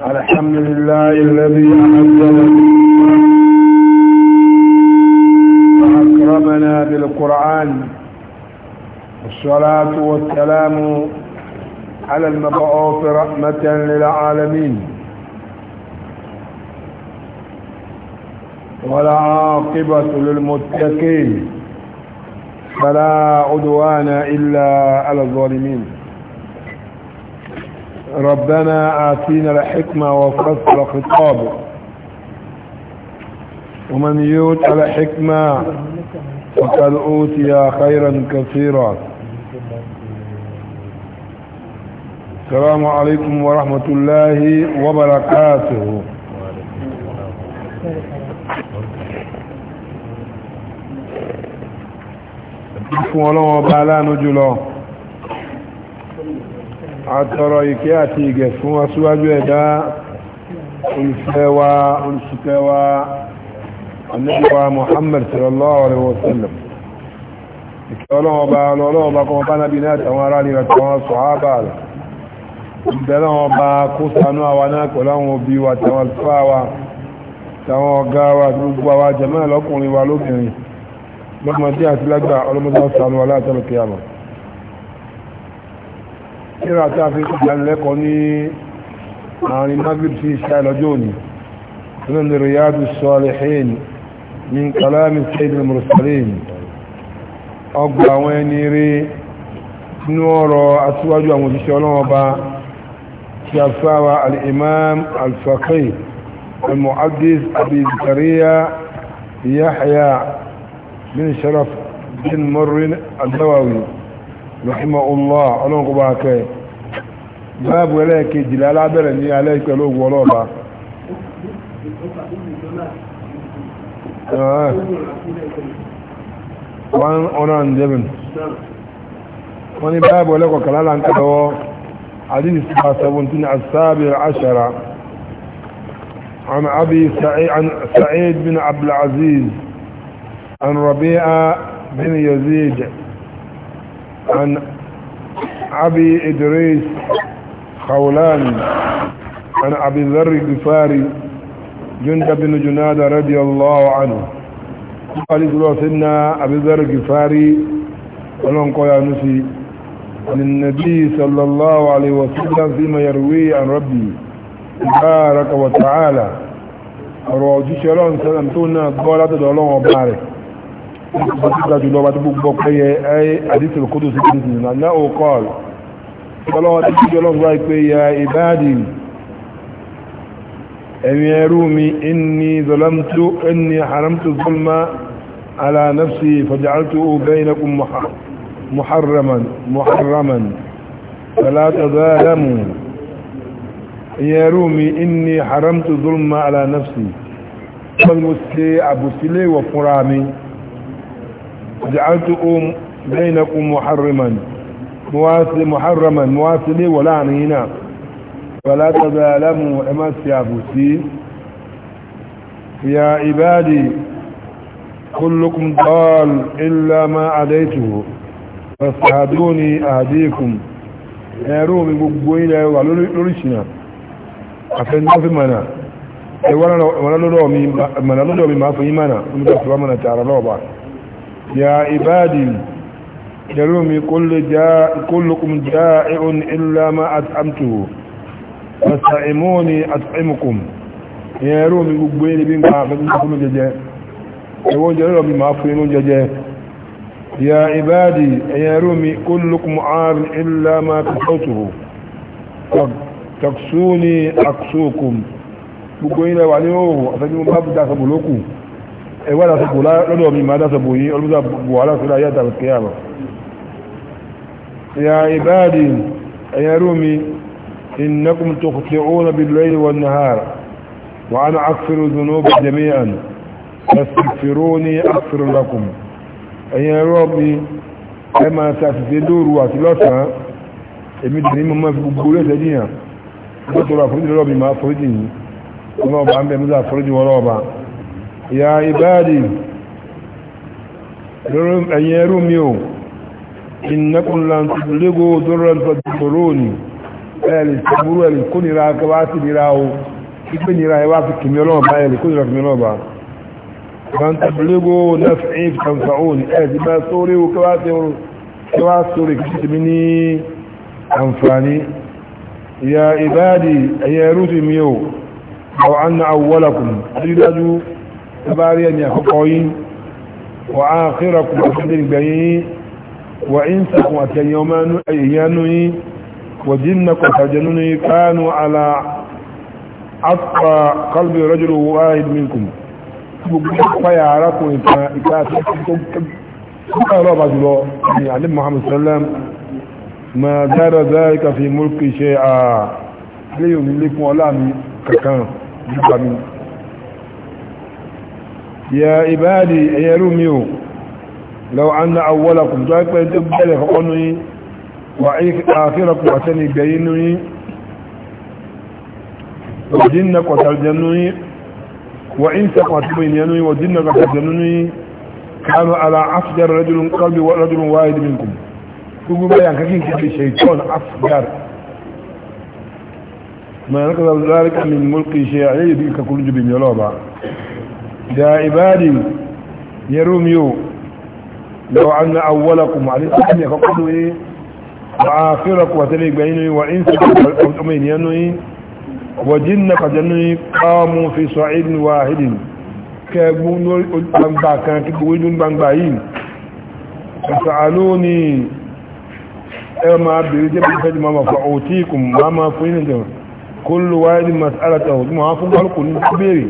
الحمد لله الذي أعزنا وأكرمنا بالقرآن والصلاة والسلام على المبعوث رحمة للعالمين والعاقبة للمتقين فلا عدوان إلا على الظالمين ربنا آتينا الحكمة وفصل خطابه ومن يوت الحكمة فقد أوتي خيرا كثيرا السلام عليكم ورحمة الله وبركاته Fún ọlọ́wọ́ bá aláàánú jùlọ. àtọrọ ìkẹ́ àti ìgẹ̀ fún aṣíwájú ẹ̀dá olùfẹ́wà olùsùkẹwà annabiwa muhammad sallallahu alaihi wasallam ìkẹ́ ọlọ́ọ̀bá ọlọ́ọ̀bá kọmọ bá nábi náà tàwọn ará nìra tàwọn sọ̀hábà rẹ̀ ìbẹ̀rẹ̀ ọba kó sanú àwa náà pẹ̀lú àwọn tàwọn alfáà tàwọn ọ̀gá wa gbogbo àwa jẹ́mọ́ ẹ̀lọ́kùnrin wa lóbìnrin lọ́mọdé àti lágbà ọlọ́mọdé sanú kíra tí a fi ìdánilẹ́kọ̀ọ́ ní àárín magrib sí iṣẹ́ lọ́jọ́ òní nínú ni riyadu salihin min kalami sayyid al-mursalin ọgbà àwọn ẹni rí inú ọ̀rọ̀ aṣíwájú àwọn òṣìṣẹ́ ọlọ́wọ́ba tí a fáwa al-imam al-faqih رحمه الله ألون قباك باب وليك جلال برني عليك لوگ ولوبا آه. وان اونان دبن وان باب وليك وكلال عن كدو حديث 17 السابع عشرة عن أبي سعيد, عن سعيد بن عبد العزيز عن ربيعة بن يزيد عن أبي إدريس خولان عن أبي ذر الغفاري جند بن جناد رضي الله عنه قال الله سيدنا أبي ذر الغفاري ولن قال نسي عن النبي صلى الله عليه وسلم فيما يروي عن ربي بارك وتعالى أرواجي شلون سلمتونا قولة دولون وبارك بطلع جلوة بطلع أي حديث القدس بإذن الله قال قال الله تجلوة يا عبادي أم يرومي إني ظلمت إني حرمت الظلم على نفسي فجعلته بينكم محرما محرما فلا تظالموا يرومي إني حرمت الظلم على نفسي فالمسلي أبو سلي وفرامي جعلتكم بينكم محرما مواسل محرما مواسلي ولا عنينا فلا تظالموا اما سيابوسي يا عبادي كلكم ضال إلا ما عديته فاستهدوني أهديكم ẹ̀rọ mi gbogbo ilẹ̀ wà lóríṣìnà àfẹ́ndọ́fí mana ẹwọ́n lọ́dọ̀ mi máa fún yí mana ní ọ̀fẹ́ mọ́nà tààrà lọ́ọ̀bá يا عبادي يرومي كل جاء كلكم جائع إلا ما أطعمته فاستعموني أطعمكم يا رومي بقبيني بين قافتكم جاء يقول جاء ربي ما أفينون جاء يا عبادي يا رومي كلكم عار إلا ما كسوته تكسوني أكسوكم بقبيني وعنيوه أفينون ما بدأ سبلوكم ẹwà láti bò lọ́dọ̀ mi máa dáṣọ bò yí ọlọ́dọ̀ bò wà láti ráyà tàbí kí àmà ya ibadi ẹ̀yẹ rúmi innakum tuqti'una bil-layli wan-nahar wa ana aghfiru dhunuba jami'an fastaghfiruni aghfir lakum ẹ̀yẹ rúmi ẹ máa sàtìsẹ́ lóru àti lọ́sàn-án èmi dì ní mọ́mọ́ fi gbogbo rẹ̀ tẹ́díyàn lọ́tọ̀rọ̀ àforíjì lọ́rọ̀ mi máa foríjì ya ibadi ẹ̀yin ẹrú mi o innakum lan tubligu durran fadkuruni ẹ̀lì tàbúrú ẹ̀lì kó nira wá sí nira o ipé nira ẹwà fi kìmí ọlọ́ọ̀bá ẹ̀lì kó nira kìmí ọlọ́ọ̀bá lan tubligu naf'i tanfa'uni ẹ̀lì bá sórí o تباري أن يخطوين وآخركم أسدر بيين وإنسكم أتيومان أيهانوين وجنكم أتجنوني كانوا على عطى قلب رجل واحد منكم فيعرفوا إكاسكم قال رجل يعني محمد صلى الله عليه وسلم ما دار ذلك في ملك شيئا ليملكوا لامي ككان جبني يا عبادي يا روميو لو أن أولكم جاءت بين تبدل فقني وآخركم أتني بيني وجنك وترجمني وإنسك وتبيني وجنك وترجمني كانوا على أفجر رجل قلبي ورجل واحد منكم تقول بيان كاكين كده شيطان أفجر ما نقدر ذلك من ملقي شيعي بك كل جبين يلوبا يا عبادي يا روميو لو أن أولكم عليه السلام يقولوا إيه وآخركم وتليك بيني وإنسكم أمين ينوي وجنك جنوي قاموا في صعيد واحد كابون بانبا كان كابون بانباين فسألوني اما برجب الفجر ما فأوتيكم ما ما فين كل واحد مسألته ما فوق القنين كبيري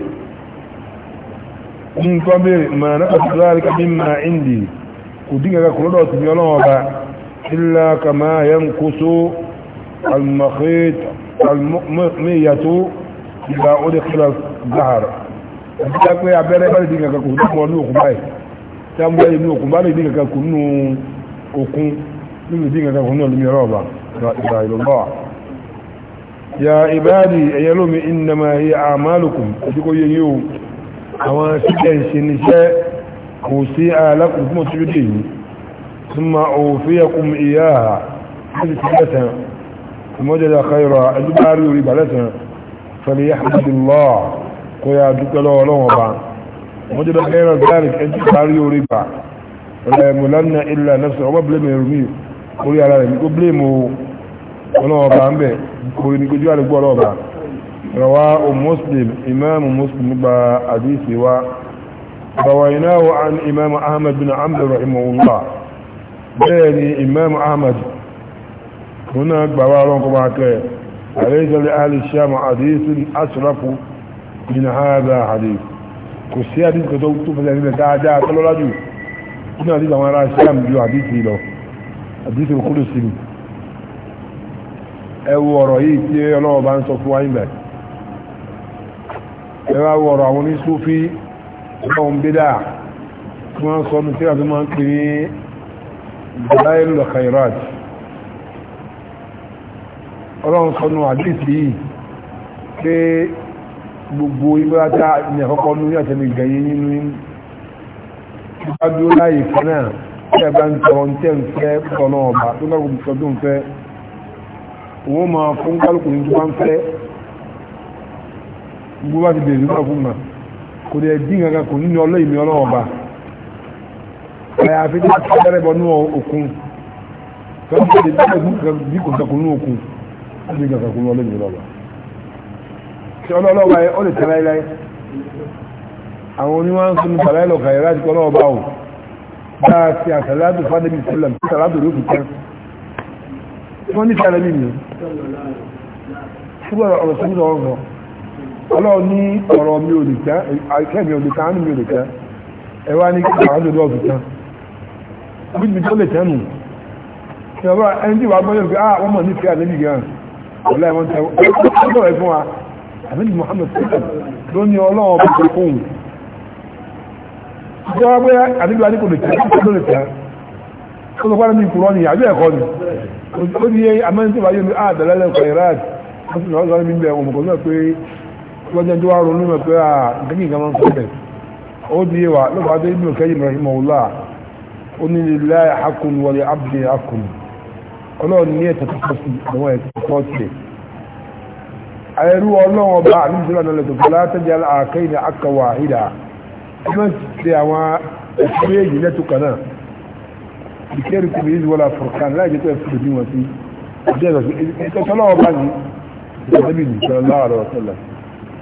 ní nǹkan bèèrè ma náà ti láàrín kàbí ma indi kò dín gàgà kúrò lọ́wọ́ ti ní ọlọ́wọ́ bá ilá kàmá yẹn kó so almọ́mẹ́yàtó ìgbà ó dé kílọ̀ gbáhàrà àti pé abẹ́rẹ́ bá lè dín gàgà kúrò lọ́wọ́ ní òkú báyìí يا عبادي أيلوم إنما هي أعمالكم أتكو ييو àwọn síkẹ̀ ìṣẹ́niṣẹ́ kò sí alákùnkùn tí ó dè yìí ثم أوفيكم إياها حدث لتها ومجد خيرا أجبار يريب لتها فليحمد الله قيا دكلا ولو بعض وجد خيرا ذلك أجبار يريب ولا يملن إلا نفسه وبلم يرميه قولي على ذلك وبلمه ولو بعض قولي نكجوال قولي ولو بعض رواه مسلم إمام مسلم بحديث و رويناه عن إمام أحمد بن عمرو رحمه الله بني إمام أحمد هناك بوارون معك أليس لأهل الشام حديث أشرف من هذا حديث كسي حديث كتب تفل من تعجاء تلو رجو هنا حديث وانا الشام جو حديثي له حديث القدسي أو رئيسي الله بان صفوين بك ẹwà wọ̀rọ̀ àwọn oníṣúfí ọ̀hún bídá tí wọ́n sọ ní tí a fi máa ń pè ní dalailul khairat ọlọ́run sọ ní àdísì yìí pé gbogbo ibáta ní àkọ́kọ́ ní àtẹ́lẹ̀ gẹ̀yẹ nínú ìgbádó láyé kanáà tí a bá ń tọrọ gbogbo bá ti bèèrè náà fún ma kò dẹ̀ dín kankan kò nínú ọlọ́ ìmì ọlọ́wọ́ ba àyàfi tí wọ́n ti bẹ̀rẹ̀ bọ̀ nínú òkun tó ń bẹ̀rẹ̀ bẹ̀rẹ̀ bí kò kankan nínú òkun ó dín kankan kò nínú ọlọ́ ìmì ọlọ́wọ́ tí ọlọ́wọ́ ba yẹn ó lè tẹ́ láíláí àwọn oníwọ̀n ń sinmi tàlá ìlọ̀kà yẹn ọlọ́wọ́ bá o bá a ti àtàlátò fádébì sílẹ̀ tàlátò ló fi tẹ́ wọ́n ní tàlẹ́ mi nìyẹn ṣùgbọ́n ọ̀rọ̀ sọ́kùnrin ọ̀rọ̀ ọlọ́run ní ọ̀rọ̀ mi ò lè tán àìkẹ́ mi ò lè tán ánú mi ò lè tán ẹ wá ní kí àwọn àjọyọ̀ ọ̀dùn tán bí mi tó lè tán nù ìjọba ẹni tí wàá gbọ́dọ̀ pé ah wọ́n mọ̀ ní fẹ́ àlejò gan ọ̀la ẹ̀wọ̀n tẹ ọ̀dọ̀ ẹ̀ fún wa àlejò Muhammad sọ́kàn ló ní ọlọ́run ọ̀bùn tó fóun ìjọba pé àlejò adé kò lè tán kó lè tán kó lọ gbọ́dọ̀ ní ìkúrọ́ ni àjọ ẹ̀kọ́ ni ó ní amẹ́ńtì wáyé mi ah bẹ̀rẹ̀ lẹ́kọ̀ọ́ ìráàdì wọ́n sì lọ́ọ́ lọ́jọ́ tó wá ronú mọ̀ pé àgbẹ̀gì kan máa ń sọ́bẹ̀ ó di wà lọ́pàá tó ibùdó kẹ́yìn rahimahullah ó ní lillahi hakun wa li abdi hakun ọlọ́run ní ẹ̀tọ́ tó kọ́ àwọn ẹ̀tọ́ tó tiẹ̀ ẹ̀rú ọlọ́run ọba àdúgbò náà lẹ́tọ̀ fọlá tẹ́jà àkẹ́yìn ní aka ẹgbẹ́ ti àwọn ẹ̀tọ́ méjì lẹ́tọ̀ kan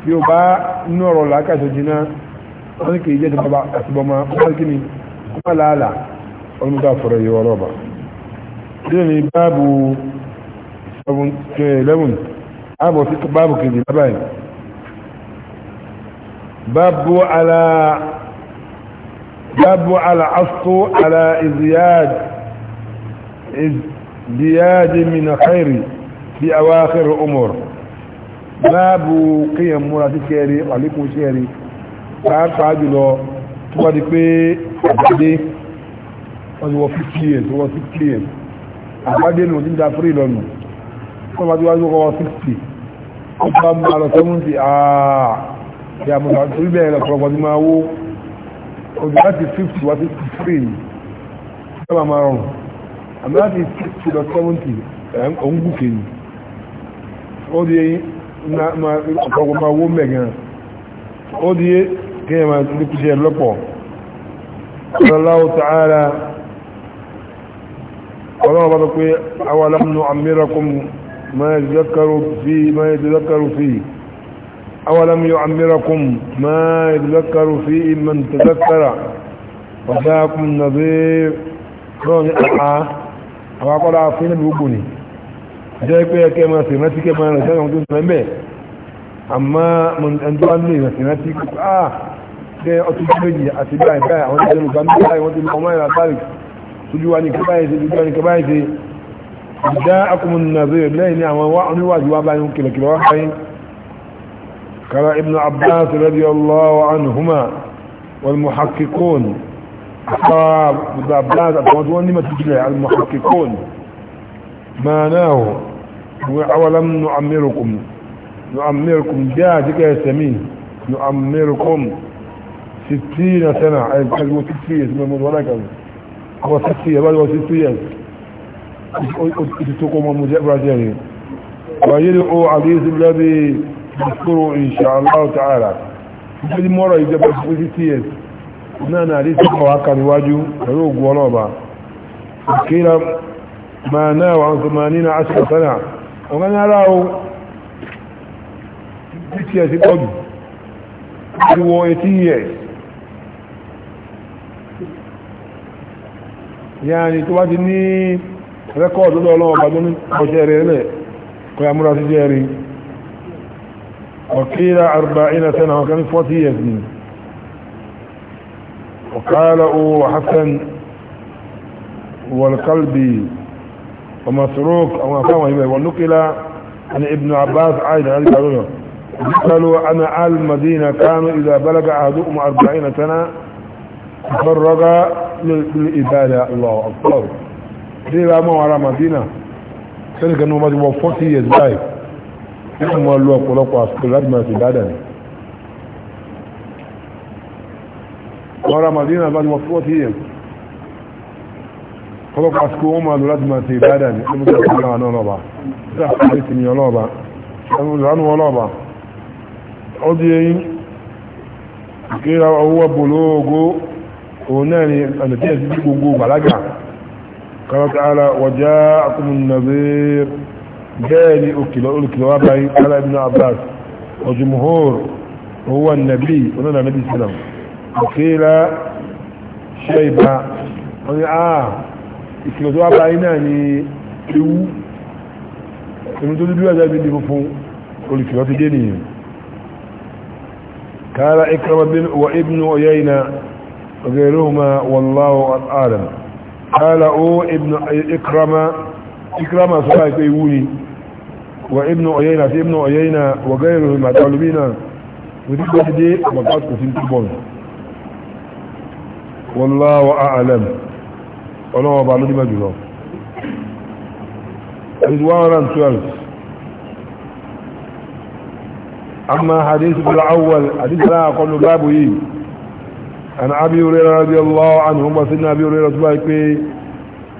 bí o bá inú ọ̀rọ̀ làákàtà jiná wọ́n kì í jẹ́ ìjọba àtibọ́mọ́ wọ́n kí ni wọ́n láàlà olùdá fọ̀rọ̀ yìí wọ́n rọ̀bà díẹ̀ ní báàbù 11 ààbọ̀ sí báàbù kejì lábàáyì báàbù àlà báàbù àlà asó àlà ìzìyàd báàbù kíyàn múra sí kẹrẹ àlékún kẹrẹ pàápàá jùlọ tó wá di pé àgbàdé wọ́n ti wọ 50 years wọ́n 60 years àgbàdé nù ti ń da free lọ́nà wọ́n bá ti wá wọ́n 60 wọ́n bá mú àlọ́ 70 àà ìyá mọ̀ta torí bẹ́ẹ̀ lọ́kọ̀ ọgbọ̀n ti máa wó òjò láti 50 wá sí 63 ní sábà máa rọrùn àmì láti 60 lọ 70 ẹ̀ ń gùn kèyìn ọ̀pọ̀ ma wó mẹ́gan ó di kíyàn ma ní kúṣẹ́ lọ́pọ̀ Allahu ta'ala ọlọ́wọ́ bá tó pé awalam nu'ammirakum ma yadhakkaru fi ma yadhakkaru fi awalam yu'ammirakum ma yadhakkaru fi man tadhakkara wa ja'akum nadhir lọ́wọ́ ni àá àwọn akọ́lá fún ẹgbẹ̀rún jẹ́ pé ẹkẹ́ máa sì rántí kẹ́ máa rẹ̀ sẹ́wọ̀n tó sọ mẹ́ àmá ẹnjọ́ wá ní ìrìnàṣì rántí ah jẹ́ ọtún tó méjì àti báyìí báyìí àwọn ìjọba ìgbà mí báyìí wọ́n ti lọ ọmọ ìrà sáré tójú wa ní kẹbáyìí ṣe tójú wa ní kẹbáyìí ṣe ìdá akọmọnù nàzẹ́rẹ̀ lẹ́yìn ní àwọn oníwàjú wa báyìí ń kìlọ̀kìlọ̀ wá awalam nu'ammirukum nu'ammirukum ja dika yasmin nu'ammirukum 60 sana ay kalmu 60 isma mudwala kan ko 60 bal 60 yes ko mo mujabra jani wa yadu aziz alladhi yadhkuru insha Allah ta'ala bi moro ijaba 60 yes na na ri ma na wa 80 ọ̀gán ara o bts pọ̀jù ti wọ 18 years yáàni tó bá ti ní rẹ́kọ́ọ̀dù lọ́dọ̀ ọlọ́wọ́ bá tó ní ọjẹ́ rẹ̀ lẹ̀ múra sí jẹ́ rí ọ̀kíra 40 sẹ́nà ọ̀kan ní 40 years ni ọ̀kára o hassan wọ̀lkálbì ومسروق أو كما هي ونقل عن ابن عباس عائد عن قالوا قالوا أن أهل المدينة كانوا إذا بلغ عهدهم 40 سنة تفرغ للإبادة الله أكبر دي لا ما وراء مدينة كان كانوا ما wa 40 years by ina mo lo ọ̀pọ̀lọpọ̀ àsìkò láti máa ti dáadáa ni wọ́n ra madina 40 years ọlọ́pàá àsìkò wọn máa lò láti máa ṣe ìbáàdà ní ọlọ́pàá àsìkò náà ọlọ́ba ṣe àkàrí ní ọlọ́ba ìránú ọlọ́ba ó di eyín kíra owó bòlóògó òun náà ni àdàtí ẹ̀sí tí gbogbo gbàlágà kọ́lọ́tà ara wọ̀já akúmùnàbí bẹ́ẹ̀ ni olùkìlọ́ wá báyìí kálá ibn abbas ọjùmùhóòr owó ìkìlọ̀ tó wá bá iná ni ewu inú tó dúdú ẹ̀dá ìbí fún olùkìlọ̀ ti dé nìyàn kára ikrama bin wa ibnu uyayna غيرهما والله أعلم قال او ابن اكرمه اكرمه صحيح يقولي وابن عيينة ابن عيينة وغيره ما تعلمين ودي دي مقاط كسين تبون والله أعلم ọlọ́wọ́ ọba ló ní mẹ́jù lọ is 112 أما حديث الأول حديث لا أقول بابه عن أبي هريرة رضي الله عنه وسيدنا أبي هريرة سبحانه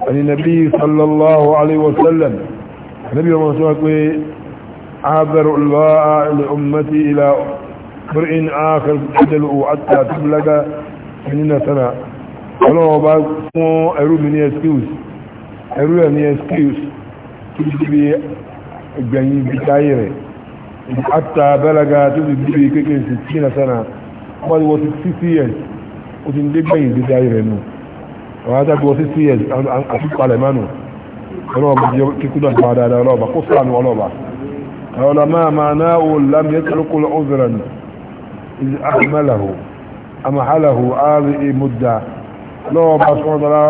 عن النبي صلى الله عليه وسلم النبي صلى الله عليه وسلم أعذر الله لأمتي إلى برء آخر بدلوا حتى تبلغ من سنة ọlọ́wọ́ bá fún ẹrú mi ní excuse ẹrú ẹ̀ ní excuse tó ti bí ìgbẹ̀yìn bí káyé rẹ̀ àtà bẹ́lẹ́gà tó ti bí kéèkéè tí na sánà wọ́n wọ́n ti six years ó ti ń dé gbẹ̀yìn bí rẹ̀ nù wọ́n á wọ́n àti palẹ̀ mánu ọlọ́wọ́ bá dáadáa ọlọ́wọ́ bá kó ọlọ́wọ́ bá lámì ọ̀zọ̀rọ̀ lọ́wọ́ bá sọ́wọ́ dára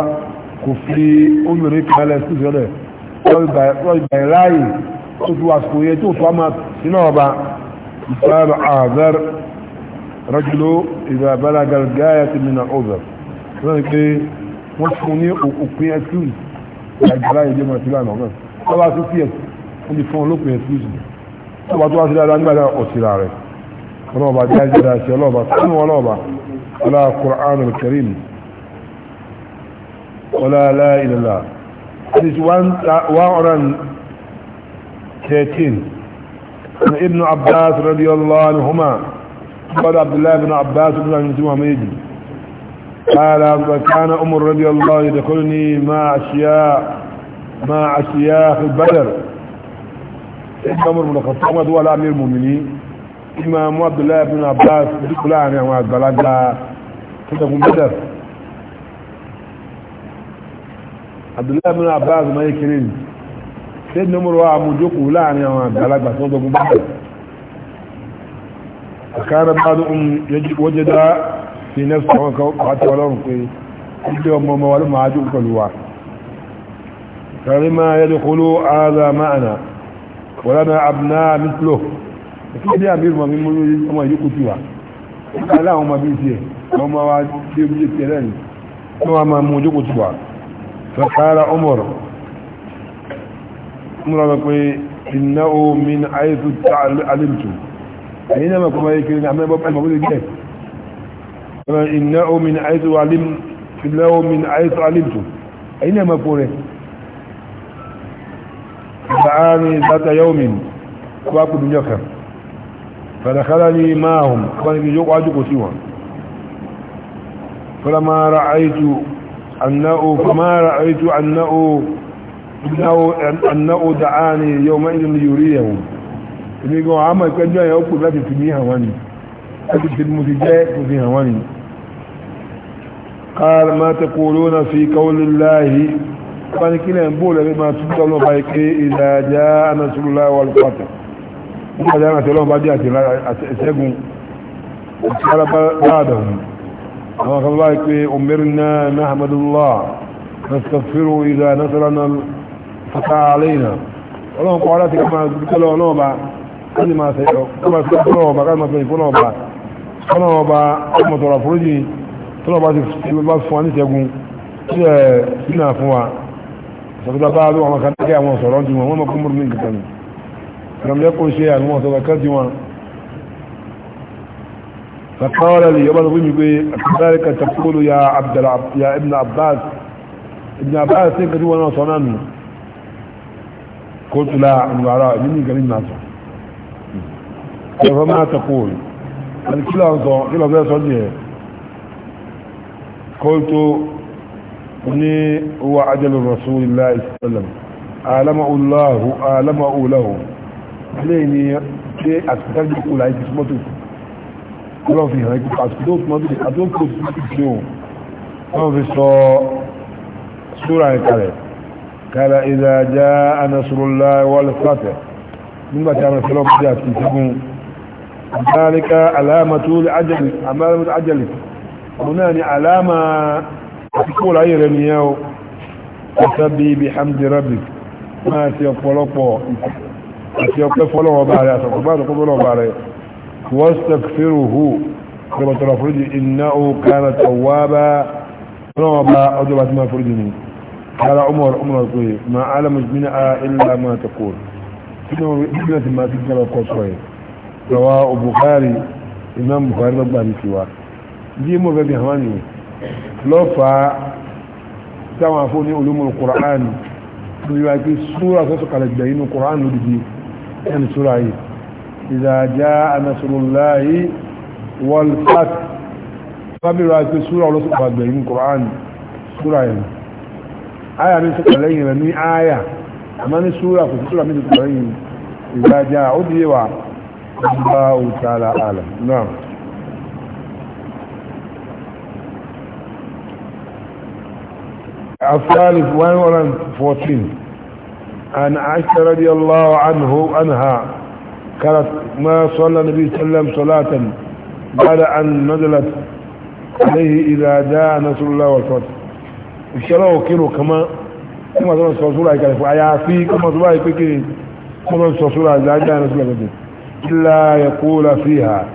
kò fi obìnrin kan lẹ̀ sí ìṣẹ́lẹ̀ lọ́wọ́ ìgbà ìráyè tó fi wà sùkò yẹ tó fọ́ máa sí náà bá ìfẹ́ àzẹ́r rọ́jùlọ ìgbà bára gàlgáyà ti mìíràn ọ̀zẹ̀ lọ́wọ́ ni pé wọ́n fún ní òpin excuse ìgbàláyè jẹ́ mọ̀ sí lánàá náà lọ́wọ́ sí sí ẹ̀sì wọ́n ti fún olópin excuse tó tó wá sí dáadáa nígbà náà rẹ̀ ọlọ́ọ̀bà jáde dáadáa sí ọlọ́ọ̀bà sínú ọlọ́ọ̀bà alá Qur'an al-Karim ولا لا إلا الله حديث 113 عن ابن عباس رضي الله عنهما قال عبد الله بن عباس بن عبد المحمد قال وكان عمر رضي الله يدخلني مع أشياء مع أشياء في البدر ابن عمر بن الخطاب هو الأمير المؤمنين إمام عبد الله بن عباس بن عنه وعبد الله تدخل بدر abdullahi bin abbas ma yé kéré ni ṣé nomoro wa amujoko láàrin àwọn àgbàlagbà tó ń dogun báyìí àkàrà bá dùn wọ́jẹ́ dá sí nẹ́fù àwọn kan pàtó ọlọ́run pé ilé ọmọ ọmọ wa ló máa jókòó pẹ̀lú wa kàrí máa yẹ́ dùkúlù ààrẹ máàna wọ́lá na àbúná mítlò ìkéde àmìrì mọ̀ mímú ọmọ yìí kú ọmọ ọmọ wa فقال عمر عمر بقي إنه من حيث علمت أينما كما يكرين عمان باب المقود الجاك إنه من حيث علم إنه من حيث علمت أينما كوري فعاني ذات يوم وأكد يخر فدخلني معهم فأنا يجوك وعجوك سوا فلما رأيت أنه فما رأيت أنه أنه, أنه دعاني يومئذ ليريهم إنه يقول عما يكون جاء يقول لا تتميها واني أجد المتجاء تتميها واني قال ما تقولون في قول الله قال كلا ينبول بما تبدأ فيك إذا جاء نسل الله والفتح وما جاء نسل الله بعد يأتي سيقوم قال بعدهم àwọn kan báyìí pé umirna nahmadullah nastaghfiru idha nasarana fata alaina ọlọ́run kọ́ láti ká máa dúpẹ́ lọ́wọ́ náà bá ká ní máa sẹ́yọ́ ká máa sẹ́yọ́ fún ọ̀bá ká máa sẹ́yọ́ fún ọ̀bá ká náà ọba ọmọ tọrọ àforíjì tó náà bá ti bá fún wa ní ṣẹ́gun tí ẹ̀ sí fún wa sọ́kúta bá lọ́wọ́ kan tẹ́kẹ́ àwọn sọ̀rọ̀ ju wọ́n mọ̀ kúmùrù ní ìgbẹ̀tẹ̀ ni ṣe àwọn sọ̀rọ̀ kẹ́ فقال لي يوم الغيب كذلك تقول يا عبد العب يا ابن عباس ابن عباس كذي وانا صنان قلت لا من وراء مني قال الناس فما تقول قال كلا كلا بلا صديه قلت اني هو عجل الرسول الله صلى الله عليه وسلم أعلمه الله أعلمه له عليني شيء أتكلم أولئك اسمته ọlọ́run fi hàn ẹgbẹ́ àti tó túnmọ́ bíi àti ó kò sí ti fi hàn wọ́n fi sọ súra ìkàlẹ̀ kàlà ìdájá anasúrúlá wọlé fàtẹ̀ nígbà tí a rẹ̀ fẹ́lọ́ bí àti ìṣẹ́gun dáríká alámàtó ajẹ́lì àmàlẹ́mọ́tò ajẹ́lì ọmọ náà ni alámà àti kó láyé rẹ̀ nìyẹn o ọ̀sẹ̀ bíi bí hamdi rabbi máa ti واستغفره كما تفرج إنه كان توابا توابا أدبت ما فرجني قال عمر عمر طيب ما علم منها إلا ما تقول ابنة ما تقول القصوية رواه بخاري إمام بخاري رب الله سواه دي مو غبي هواني لو فا سوا فوني علوم القرآن بيواكي سورة تسقى لك القرآن ودي يعني سورة ايه إذا جاء نصر الله والفتح فبرا في سورة ولسوء بعد بين القرآن سورة يعني آية من سورة لين من آية أما سورة في سورة من سورة لين إذا جاء عدي الله تعالى أعلم نعم الثالث 114 عن عائشة رضي الله عنه عنها كانت ما صلى النبي صلى الله عليه وسلم صلاة بعد أن نزلت عليه إذا داء نصر الله والفتح الشراه كيرو كما كما صلى صلى الله عليه وسلم كما صلى الله عليه وسلم إذا صلى صلى الله عليه إلا يقول فيها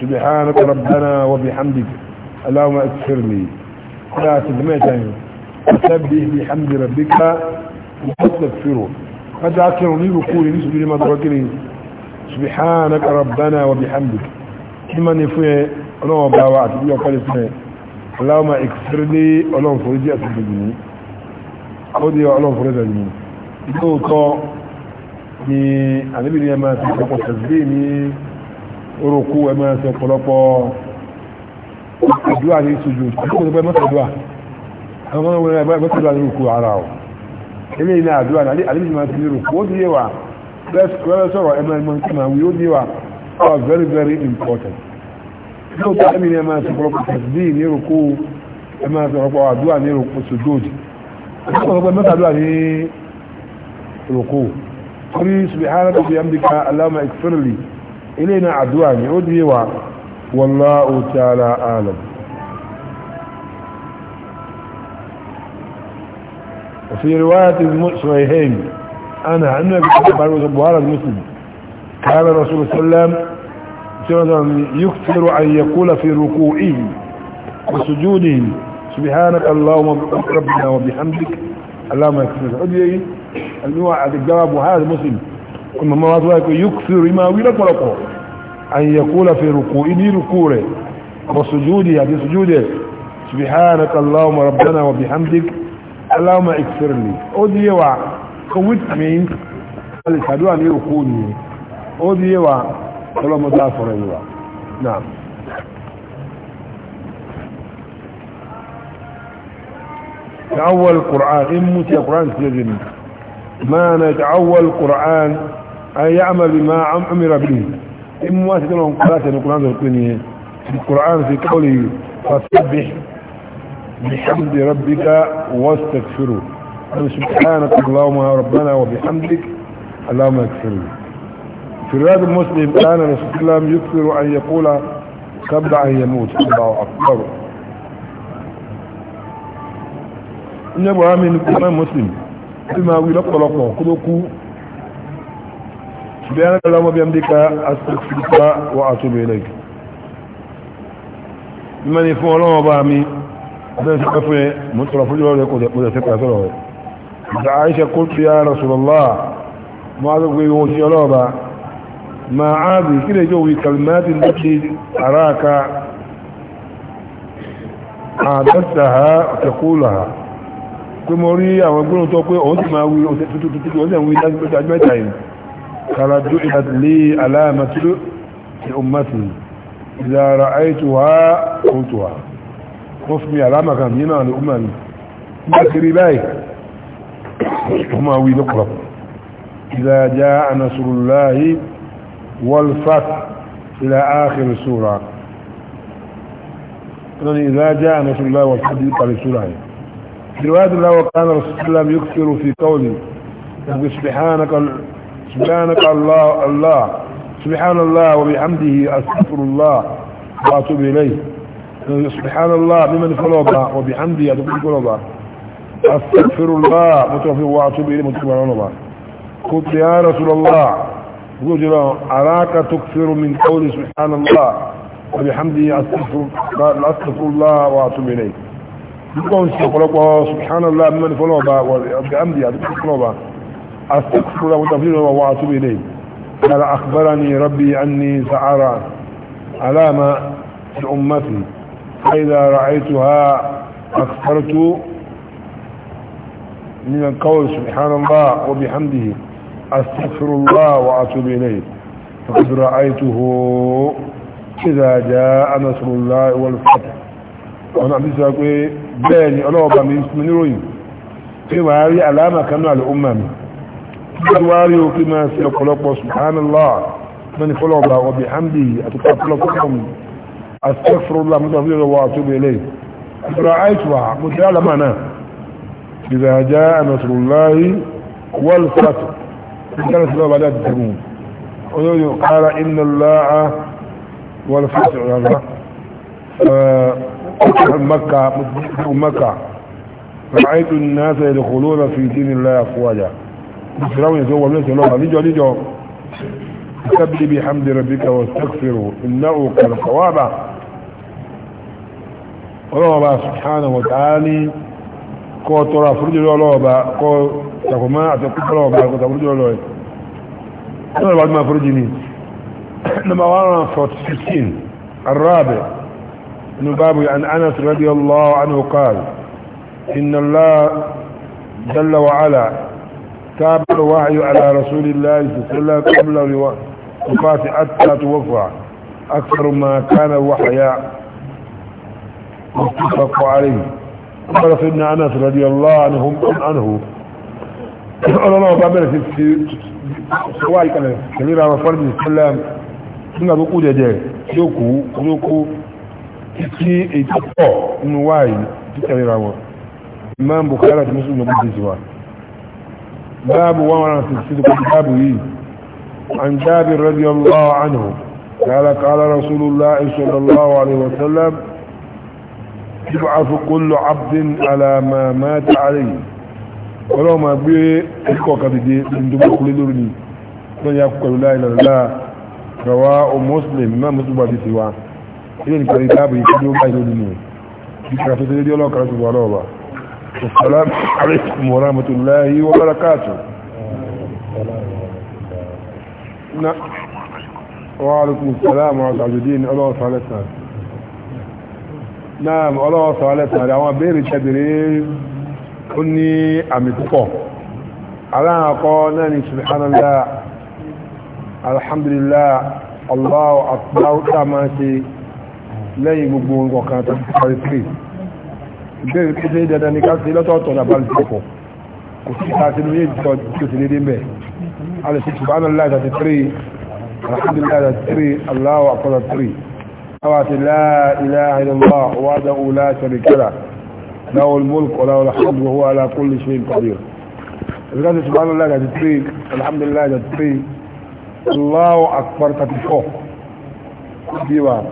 سبحانك ربنا وبحمدك اللهم اغفر لي لا تدمي تاني وسبح بحمد ربك وتكفره فدعا كانوا لي ركوري نسوا لي ما تركني سبحانك ربنا وبحمدك كما نفوه الله باوات يقول اسمه اللهم اكفر لي اللهم فرجي أسفلني أودي اللهم فرجي ìlóòtọ́ ni àníbìrì ẹ máa ti ọ̀pọ̀ tẹ̀sílé ní orókú ẹ máa ti ọ̀pọ̀lọpọ̀ àdúrà ní ìṣojú àkókò tó bẹ́ mọ́sàdúrà àwọn ọmọ ẹgbẹ́ mọ́sàdúrà ní òkú ara ọ̀ ilé ilé àdúrà ní àdébìsí máa ti lérò ó di yẹwà lẹ́sọ̀rọ̀ sọ̀rọ̀ ẹ̀mọ ẹ̀mọ wí ó di yẹwà are very very important yóò tó ẹ̀mí ni ẹ máa sọ̀rọ̀ pọ̀ tẹ̀sídì ní rògbò ẹ máa sọ̀rọ̀ pọ̀ àdúrà ní rògbò sojooji ọ̀sọ̀rọ̀ pọ̀ mẹ́ta àdúrà ní rògbò torí subhanahu wa ta'ala alama ikfirli ilé iná في رواية المسويهين أنا أنا بروز بوهارة المسلم كان الرسول صلى الله عليه وسلم يكثر أن يقول في ركوعه وسجوده سبحانك اللهم ربنا وبحمدك اللهم يكفر أدري النوع الجواب وهذا مسلم كما ما يكثر ما ولك ولقه أن يقول في ركوعه ركوعه وسجوده يعني سجوده سبحانك اللهم ربنا وبحمدك Allahumma ighfir li ó di yé wa so which means alìsàdúrà ní òkú ni ó di yé wa ọlọ́mọdá wa náà تعول القرآن إن موتي القرآن سيجن ما نتعول القرآن أن يعمل بما أمر به إن مواسك قرآن قلاتة القرآن في القرآن في قوله فسبح بحمد ربك واستغفره سبحانك اللهم ربنا وبحمدك اللهم اغفرني في الرياض المسلم كان رسول الله يكثر ان يقول قبل ان يموت الله اكبر ان ابو امين كان مسلم بما ويلقلق كدوكو سبحانك الله وبحمدك استغفرك واتوب اليك من يفعل الله ọdọ́ ìṣẹ́ fún ẹ mú tọrọ fún ìjọba kò jẹ́ sí pẹ̀sọ́rọ̀ rẹ̀ da aisha kó tí ya rasulallá ma zai gbé wọn sí ọlọ́ọ̀bá ma a zai kí da yóò wí kalmatin da ke araka a dasta ha ta kula ha pé mo rí àwọn gbóhùn tó pé òun ti máa wí tutututu òun sì ń wí dájú mẹ́ta yìí kàràjú ìdàtìlé aláàmàtúrò ti ummati ìdára aituwa kóòtùwa قف مي علامة كان هنا لأمان ما سريباي هما وي نقرب إذا جاء نصر الله والفتح إلى آخر السورة يعني إذا جاء نصر الله والفتح يطلع السورة في رواية الله وكان رسول الله يكثر في قولي سبحانك سبحانك الله الله سبحان الله وبحمده أستغفر الله وأتوب إليه سبحان الله بمن فلوبا وبحمده أتوب فلوبا أستغفر الله متوفي وأتوب إليه متوفي فلوبا قلت يا رسول الله قلت له أراك تكثر من قول سبحان الله وبحمده أستغفر أستغفر الله وأتوب إليه يقول سبحان الله بمن فلوبا وبحمده أتوب فلوبا أستغفر الله متوفي وأتوب إليه قال أخبرني ربي أني سأرى علامة في أمتي فإذا رأيتها أكثرت من القول سبحان الله وبحمده أستغفر الله وأتوب إليه فقد رأيته إذا جاء نصر الله والفتح وأنا عبد السلام بيني أنا أبا من روين في واري علامة كانوا على أمامي واري وكما سيقول سبحان الله من قلوبها وبحمده أتقفل قلوبهم أستغفر الله من متفضيله وأتوب إليه رأيت متعلم أنا إذا جاء نصر الله والفتح كانت الله لا تتبون قال إن الله والفتح مكة مكة رأيت الناس يدخلون في دين الله أفواجا يسرون يسوى وليس لهم لجو لجو سبح بحمد ربك واستغفره إنه كان صوابا ọlọ́ọ̀bá subhanahu wa ta'ala kọ́ tọrọ àforíjì ọlọ́ọ̀bá kọ́ tàkùnmá àtẹ́kùtà ọlọ́ọ̀bá kọ́ tàforíjì ọlọ́ọ̀bá ọlọ́ọ̀bá tó máa foríjì ní number 115 الرابع انه باب عن انس رضي الله عنه قال ان الله جل وعلا تاب الوحي على رسول الله صلى الله عليه وسلم قبل وفاته حتى توفى اكثر ما كان وحيا متفق عليه قال سيدنا انس رضي الله عنهم عنه قال الله بابر في سواي كان كبير على فرد السلام ina bo ku jeje yoku oloko ti itopo nu wai ti tẹ̀lé ra wọn imam bukhari àti muslim bu ji wa babu wa wọn ti ti ko babu yi an jabir radiyallahu anhu قال قال رسول الله صلى الله عليه وسلم يبعث كل عبد على ما مات عليه ولو ما بي اكو من ندبو كل لورني دون ياكو لا اله الا الله رواه مسلم ما مسلم بدي سوا ين كان كتاب يجو باي لورني كتاب دي لو كان سوا لو السلام عليكم ورحمه الله وبركاته وعليكم السلام ورحمه الله وبركاته الله تعالى náà ọlọ́wọ́ sọ alẹ́sàrẹ́ àwọn abẹ́rẹ́ tẹ́bẹ̀rẹ́ ó ní àmì púpọ̀ aláàkọ́ náà ni subhanallah alhamdulillah allahu akbar tá máa ṣe lẹ́yìn gbogbo nǹkan tó parí sí ìbéèrè السماوات لا إله إلا الله وحده لا شريك له له الملك وله الحمد وهو على كل شيء قدير الغد سبحان الله قد تري الحمد لله قد تري الله أكبر تتفوق ديوان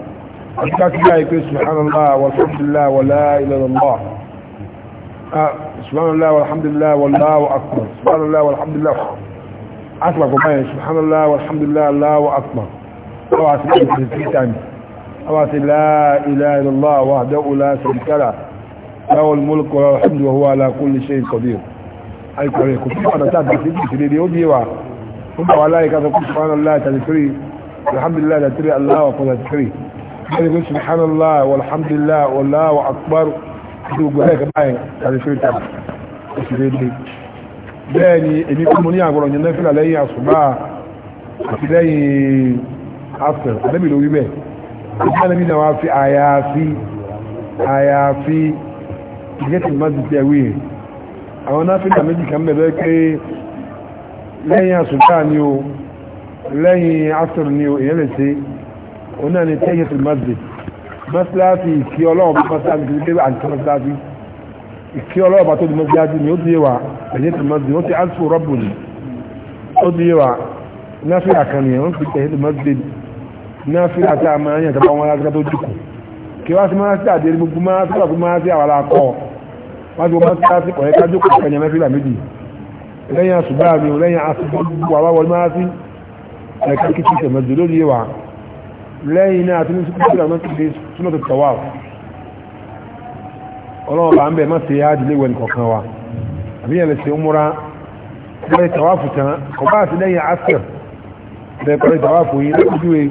أشكاك الله يقول سبحان الله والحمد لله ولا إله إلا الله أه. سبحان الله والحمد لله والله أكبر سبحان الله والحمد لله أطلق سبحان الله والحمد لله الله أكبر طبعا سبحان الله أبات لا إله إلا الله وحده لا شريك له له الملك وله الحمد وهو على كل شيء قدير أي قرية كنت أنا تعبت في سبيل يودي ثم عليك تقول سبحان الله تذكري الحمد لله تذكري الله وقد تذكري يقول سبحان الله والحمد لله والله أكبر يقول هيك باين تذكري تعبت في سبيل لي bẹ́ẹ̀ni èmi kún mo ní àgbọ̀rọ̀ yẹn náà fílà lẹ́yìn àṣùgbà àti lẹ́yìn asẹ̀ àdébìlórí bẹ́ẹ̀ ìgbàlẹ̀ mi náà wá fi àyàfi àyàfi ìgẹ́tì mọ́sí ti ẹ̀wé àwọn náfíìlà méjì kan bẹ̀rẹ̀ pé lẹ́yìn àsùnká ni o lẹ́yìn asùn ni o èyẹ́ lè ṣe o náà ni tẹ́yẹ̀tì mọ́sí mọ́síláàtì ìkí ọlọ́ọ̀bá mọ́síláàtì kìí pé àti mọ́síláàtì ìkí ọlọ́ọ̀bá tó di mọ́síláàtì ni ó ti yé wa tẹ́yẹ̀tì mọ́sí ó ti asùn rọ́bù ni ó ti yé wa náfíìlà kan ni ó ti tẹ́yẹ̀tì mọ́sí náà fi àti àmà ẹ̀yàn tàbí àwọn aláṣẹ́ká tó jùkù kí wá sí máa sí àdé gbogbo máa sí àwàkú máa sí àwàlá akọ wá sí gbogbo máa sí ọ̀yẹ́ kájúkù kẹnyẹ mẹ́fìlà méjì lẹ́yìn àṣùgbà mi lẹ́yìn àṣùgbà wà wọlé máa sí ẹ̀ka kìtì ìṣẹ̀mẹ̀jì lórí wa lẹ́yìn náà àti ní sùkúrù àwọn kìtì súnà tó tẹ̀wà ọlọ́run bá ń bẹ̀ má sí àdílé wẹ̀ nìkọ̀kan wa pẹ̀lú tẹ̀wà fòyìn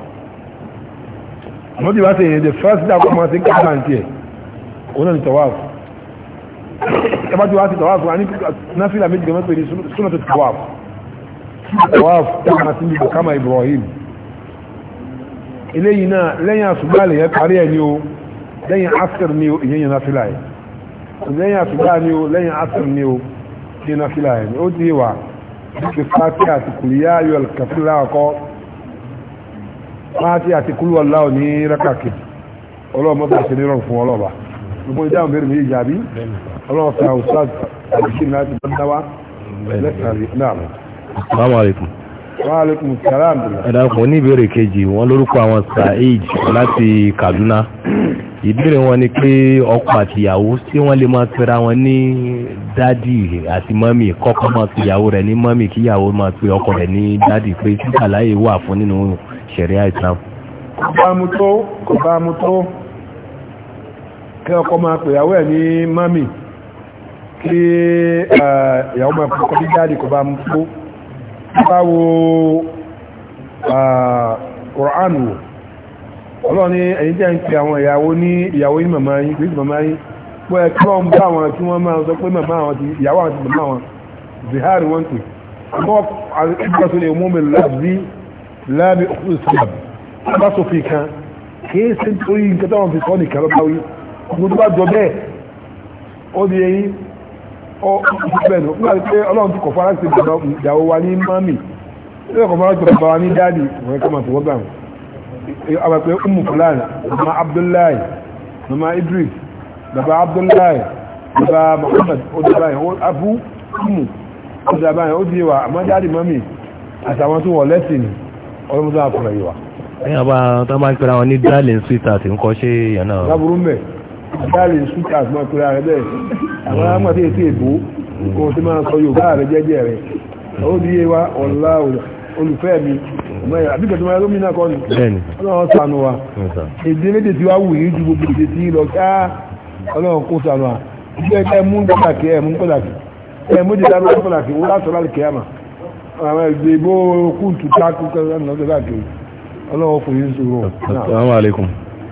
wọ́n ti wá sí èdè first day akọ́mọ́ sí káàkiri àti ẹ̀ òun náà ni tawaf ẹ bá ti wá sí tawaf wọn ní náfìlà méjì gẹ́gẹ́ pé ní súnà tó tawaf tawaf dákàrà sí ibi kama Ibrahim eléyìí náà lẹ́yìn àsùgbà lè yẹ parí ẹ̀ ní o lẹ́yìn asir ní o ìyẹn yẹn náfìlà ẹ̀ lẹ́yìn àsùgbà ní o lẹ́yìn asir ní o ìyẹn náfìlà ẹ̀ ó ti wà bí ti fàtí àti kùlíyà yọ kàfílà ọkọ̀ fáti àti kúlù aláwò ní rákàkì ọlọ́mọdé àti nírọ̀ fún ọlọ́ba gbogbo ìdáhùn bẹ̀rẹ̀ méjì jàbí ọlọ́ọ̀fẹ́ àwùsá àdìsí láti bọ́dáwá lẹ́sàrí náà. Assalamu alaikum. Wa alaikum salam. ẹ̀dá kò ní ìbéèrè kejì wọn lórúkọ àwọn Saheed láti Kaduna ìbéèrè wọn ni pé ọkọ àtìyàwó tí wọ́n lè máa pera wọn ní dádì àti mọ́mì kọ́kọ́ máa pe ìyàwó rẹ̀ ní mọ́mì kíyàwó máa pe ọkọ rẹ̀ ní dádì pé sísàlàyé wà fún nínú òun ṣẹ̀ríà Islam kò bá mu tó kò bá mu tó kí ọkọ máa pèyàwó ẹ̀ ní mami kí ìyàwó máa pẹ̀kọ́ bí jáde kò bá mu tó báwo Quran wò ọlọ́ni ẹ̀yìn jẹ́ ń pè àwọn ìyàwó ní ìyàwó ní màmá yín kìí màmá yín pé ẹ̀kọ́ ń bá àwọn tí wọ́n máa sọ pé màmá àwọn ti ìyàwó àwọn ti màmá àwọn zihari wọ́n pè àmọ́ ìgbà tó lè mú mi láti láàbí òkúrò sábàbí bá sọ fi kan kìí sí orí nǹkan táwọn fi sọ nìkan lọ́pàá wí ọmọ tó bá jọ bẹ́ẹ̀ ó di eyín ọ bẹ́ẹ̀ nù nígbà pé ọlọ́run ti kọ̀ fara sí ìyàwó wa ní mami ilé ọkọ̀ fara sí bàbá wa ní dáàdì ìwọ̀n kama tó wọ́gbà wọn àwọn pé fulan mama abdullahi mama idris bàbá abdullahi bàbá muhammad ó dábàá abu umu ó wa àmọ́ dáàdì mami àtàwọn tó wọ̀ lẹ́sìn ni ọlọ́mọdé àkùnrin yìí wà. ẹ̀yìn àbá tó bá ń pera wọn ní darling sweetheart ńkọ́ ṣé èèyàn náà. láburú mẹ́ darling sweetheart máa pera rẹ bẹ́ẹ̀ àwọn amọ̀tí ètò èbó kò sí máa sọ yorùbá rẹ jẹ́jẹ́ rẹ ó di yé wa ọ̀la olùfẹ́ mi àbíkẹ́ tó máa lómi náà kọ́ ni ọlọ́run sànù wa èdè méjì tí wàá wù yìí ju gbogbo èdè tí lọ ká ọlọ́run kó sànù wa ìgbẹ́ ká ẹ̀ mú pàtàkì ẹ̀ mú pàtàkì ẹ̀ mú jẹ́ dáná pàtàkì wọ́n á sọ láti kẹ́ àmà àwọn èdè bó kúùtù tákù kẹsàn-án lọ́dọ̀ káàkiri ọlọ́wọ́ fòye sọ̀rọ̀. assalamu alaikum.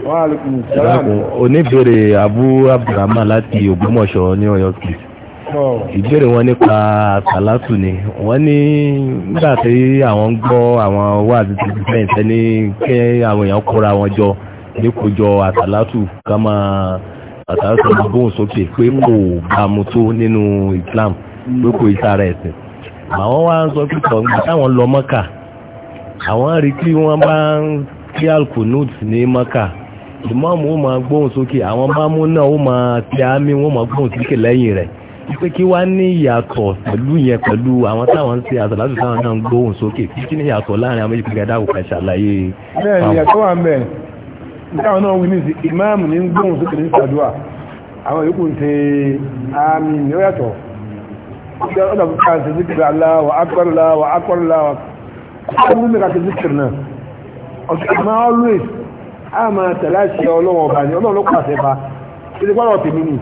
wa alaikum salam. oníbèrè abu abdulrahman láti ògbómọ̀ṣọ́ ní ọ̀yọ́ state ìbéèrè wọn nípa sàlátù ni wọ́n ní nígbà tí àwọn ń gbọ́ àwọn wáàzì tó ti fẹ́yìn tẹ́ ní kí àwọn èèyàn kóra wọn jọ níkojọ àsàlátù ká máa àsàlátù ọmọ bóun sókè pé kò bá mu tó nínú Islam pé kò ìsára ẹ̀sìn àwọn wá ń sọ pé kọ̀ǹgbà táwọn lọ mọ́kà àwọn rí tí wọ́n bá ń kí alkunut ní mọ́kà ìmọ̀ọ́mù ó máa gbóhùn sókè àwọn máàmú náà ó máa tẹ àmì wọ́n máa gbóhùn sókè lẹ́yìn rẹ̀ pé kí wá ní ìyàtọ̀ pẹ̀lú yẹn pẹ̀lú àwọn táwọn ń ṣe àtàlásù táwọn náà ń gbóhùn sókè kí ní ìyàtọ̀ láàrin àwọn méjìlélẹ́gbẹ̀ẹ́ dáwò kan ṣàlàyé. bẹ́ẹ̀ ni ìyàtọ̀ wà mẹ́ẹ̀ nítawọn náà wí ní ìmáàmù ní gbóhùn sókè ní sàdúà àwọn yòókù ń ṣe àmì ìyọ́yàtọ̀ idan ana bukatar zikirin Allah wa akbar Allah wa akbar Allah wa kọ́kọ́ ní kàkí zikirin náà ọ̀sẹ̀ ma always a ma tẹ̀láṣẹ ọlọ́wọ̀ ọba ni ọlọ́wọ̀ pàṣẹ ba títí gbọ́dọ̀ tèmi ni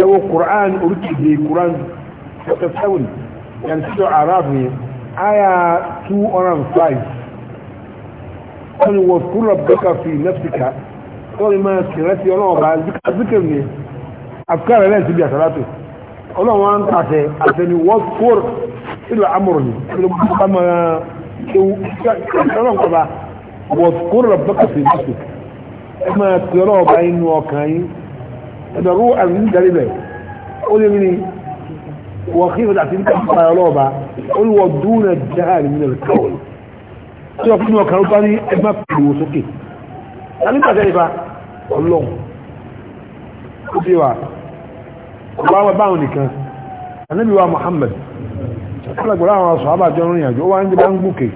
ẹwọ Quran oríkèdè Quran chapter seven yẹn tí ó arab yẹn aya two hundred and five wọ́n ni wọ́n kúrò bẹ́kà fi nẹ́fìkà wọ́n ni ma kìrẹ́sì ọlọ́wọ̀ ni afghan rẹ̀ ti bí àtàlátò ọlọ́wọ́n ń tàṣẹ àtẹni wọ́n kóòrò ìlú àmúrò ní ọlọ́nkọba wọ́n kóòrò bọ́kàtì ìgbésù ẹ máa pè ọlọ́ọ̀bá inú ọkàn yín ẹ̀dọ̀rú àrùn ìdarí bẹ̀ ó lè rí ni wọ́n kí ìfẹ́ àti nípa ọlọ́ọ̀bá ó ní wọ́n dúnà jáàrí nínú wọ́n báwọn nìkan anábì wa Muhammad alágbèrè àwọn aṣọ àbájọ rìn àjò wọ́n ń jẹ́ bá ń gùnkè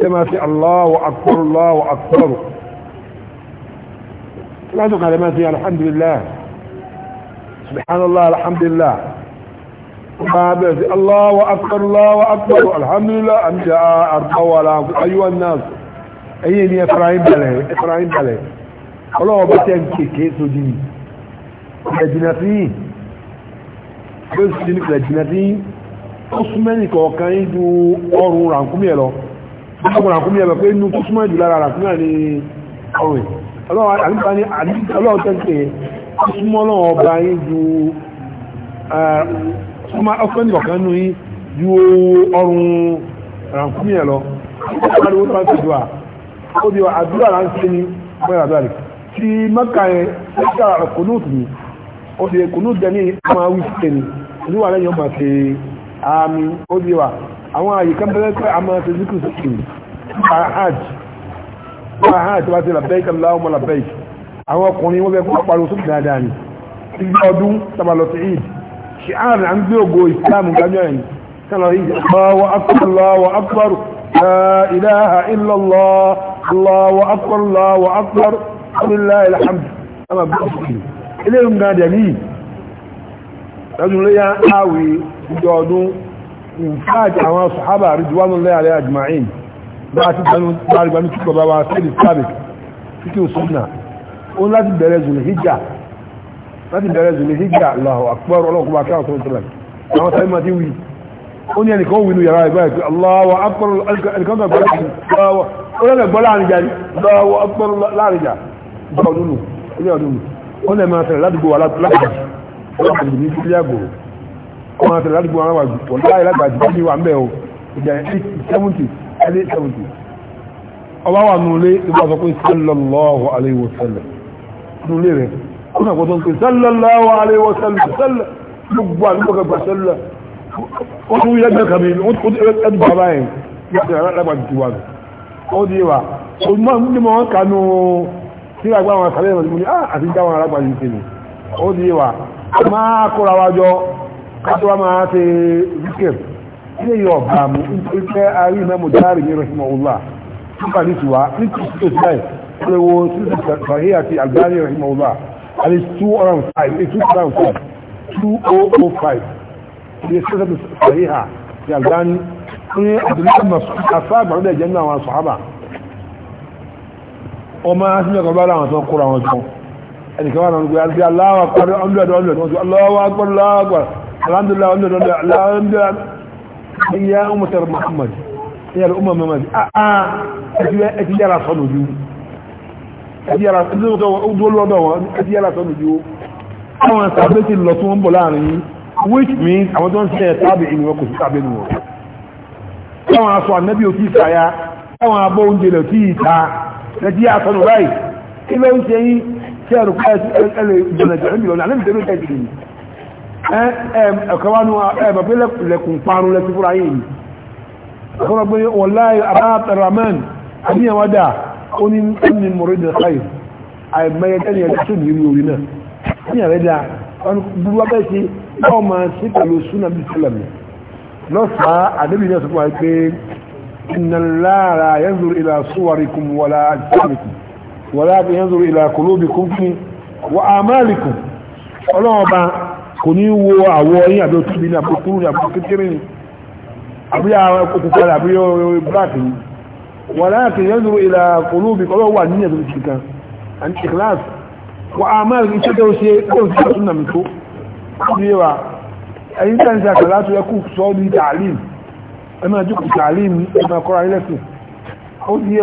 tẹ́ máa fi Allahu akbar Allahu akbar láti ọkàn lẹ́mọ́ sí alhamdulillah subhanallah alhamdulillah bá bẹ̀rẹ̀ sí Allahu akbar Allahu akbar alhamdulillah àmìjà àrùbáwàlá ayúwa náà ẹ̀yìn ni ẹfẹ́ráyìn bẹ̀rẹ̀ ọlọ́wọ́ bá tẹ́ ń kéèké sójú ni ẹ̀jìnà sí yìí bẹ́ẹ̀ sì ní ìpìlẹ̀ jìnà tí ó súnmọ́ ní kọ̀ọ̀kan ju ọrùn ràǹkúmí ẹ̀ lọ ọgbọ̀n ràǹkúmí ẹ̀ pé inú tó súnmọ́ jù lára ràǹkúmí ẹ̀ ọlọ́run tí mọ́kà ẹ̀ ó ṣe kùnú ó ṣe kùnú jẹ́ ní ọmọ awíṣẹ́ ni oníwà lẹ́yìn ọmọ ṣe àmì ó di wà àwọn àyè kan bẹ́rẹ̀ pé a máa ṣe zikir sókè fahaj fahaj wá sí labẹ́ik aláwọ̀mọ́ labẹ́ik àwọn ọkùnrin wọ́n bẹ kó pariwo sókè dáadáa ni ibi ọdún tabalọ sí id ṣe àrùn à ń gbé ògo islam gbájọ́ yìí sálọ id Allahu akbar Allahu akbar la ilaha illallah Allahu akbar Allahu akbar alhamdulillahi alhamdulillahi ilé ìgbà dẹ̀ yìí lẹ́nuléyà àwì ìjọ ọdún ìfáàjì àwọn sọ̀hábà ríjúwánú lẹ́yàrẹ́ àjìmáyìn bá ti gbárígbámi tí kọba wa sí islamic títí òsùnà ó láti bẹ̀rẹ̀ zulhijjá láti bẹ̀rẹ̀ zulhijjá Allahu akbar ọlọ́kùnbà káwọn tó ń tẹ̀lẹ̀ àwọn sẹ́yìn máa ti wí ó ní ẹnìkan ó wí ní yàrá ìgbà ìpé Allahu akbar ẹnìkan gbà gbọ́lá ó lẹ́nà gbọ́ ọlọ́pàá ní sílẹ̀ àgbòrò ọmọ àtàlẹ́ àdúgbò ara wà jùlọ láyé lágbàjì tó ní wà ń bẹ̀ o ìjà 70 ẹni 70 ọba wà nulé ìgbà sọ pé sallallahu alayhi wa sallam nulé rẹ̀ ó nà gbọ́dọ̀ pé sallallahu alayhi wa sallam sallam gbogbo àdúgbò kẹgbà sallam ó tún yẹ gbẹ kàmi ó tún ẹdù bàbá yẹn láti rà lágbàjì tó wà nù ó di wà ó mọ̀ ní mọ̀ wọn kanu sí àgbà wọn kàlẹ́ ìrọ̀lẹ́ mọ̀ ní àti dáwọn alágbàjì tó ní ó di wà máa kóra wájọ kátọ́wà máa ṣe zikir ilé yọ bàmù ìpẹ́ àrí ìmẹ́mù jáàrí ní rahimahullah nípa nítùwá nítùsílẹ̀ ẹlẹ́wọ̀ sahih àti Albani rahimahullah àti 205 2005 ilé sẹ́sẹ̀tù sahih àti Albani ní àdìlẹ́ àfáàbà ní ẹ̀jẹ̀ náà wọn sọ̀hábà ọmọ asílẹ̀ kọ̀ọ̀bá láwọn tó kóra ẹnìkan wà náà gbé àti aláwọ̀ akpọ̀rọ̀ ọ̀ndọ̀dọ̀ ọ̀ndọ̀dọ̀ ọ̀dọ̀ aláwọ̀ akpọ̀rọ̀ aláwọ̀ alhamdulillah ọ̀ndọ̀dọ̀ ọ̀ndọ̀dọ̀ alhamdulillah ya umutar muhammad ya da umar muhammad a ah, a ah, ẹti yára sọnù ju ẹti yára sọnù ju ọdọọdọ àwọn sàbẹ́sì lọ tí ẹ̀rù pẹ́ ẹ̀lẹ̀ ìjọ̀lẹ̀jọ̀lẹ̀ mi lọ́nà alẹ́bìtẹ́ ló tẹ́jì ní ẹ̀kọ̀wánú ẹ̀bàbí lẹ́kùn parun lẹ́kùn fúra yìí ọkọ̀rọ̀ pé wọláì abáàtàràmán àníyànwádà ó ní ní mọ̀rẹ́dì sáì àìmẹ́yẹ tẹ́lì ẹ̀dẹ́ tó ní orí orí náà ní àrẹ́dà burú wá bẹ́ẹ̀ sí ọ ma sí pẹ̀lú súnà bí sílẹ̀mù lọ́sàá àdébì náà sọ pé ìnàlára yẹ́zùrù wala bi yanzuru ila qulubikum fi wa amalikum Ọlọ́run ba kò ní wo àwọ̀ yín àbí otu bi ni àbí kúrú ni àbí kékeré ni àbí okun fara àbí black ni walakin yanzuru ila qulubikum wa amalikum iṣẹ́ tó ṣe kó o ti sún nàmì tó bí wa ẹ̀yin tẹ́ ń ṣe àkàlà tó yẹ kó sọ ó ti yé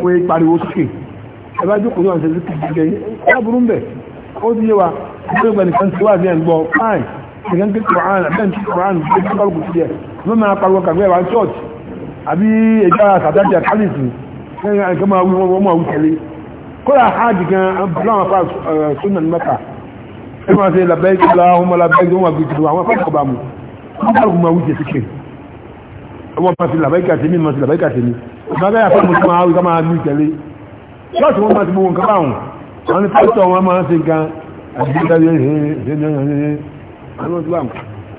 wọ́n yí e pariwo sókè ẹbá jókòó náà ṣẹ́sí kìkìkẹ́ ẹbúrú ń bẹ̀ ó ti yé wa gbẹ́gbẹ̀ nìkan sí wà ní ẹ̀gbọ́ fine nìkan kí Quran bẹ́ẹ̀ kí Quran kí kí kálukú sí ẹ̀ ló máa pariwo kàgbé wa church àbí ẹja sàdájà kálísì lẹ́yìn àìkẹ́ máa wí wọ́n máa wí tẹ̀lé kódà hajj gan abúláwọn apá eh, sunna ní mẹ́ta ẹ máa ṣe labẹ́ ìkọlá ọmọ labẹ́ ìgbọ́n wàgbé ìjọba àwọn afẹ́ kọba mu kálukú máa wí jẹ sí kí wọ́n máa ṣe labẹ́ ìkàtẹ́mí máa ṣe labẹ́ ìkàtẹ́mí ìgbàgbẹ́ àfẹ́ mo ti máa wí ká máa lú ìtẹ̀lé ṣọ́ọ̀tì wọn máa ti gbogbo nǹkan báwọn wọn ni pásítọ̀ wọn máa ń ṣe gan àdìgbàgbẹ́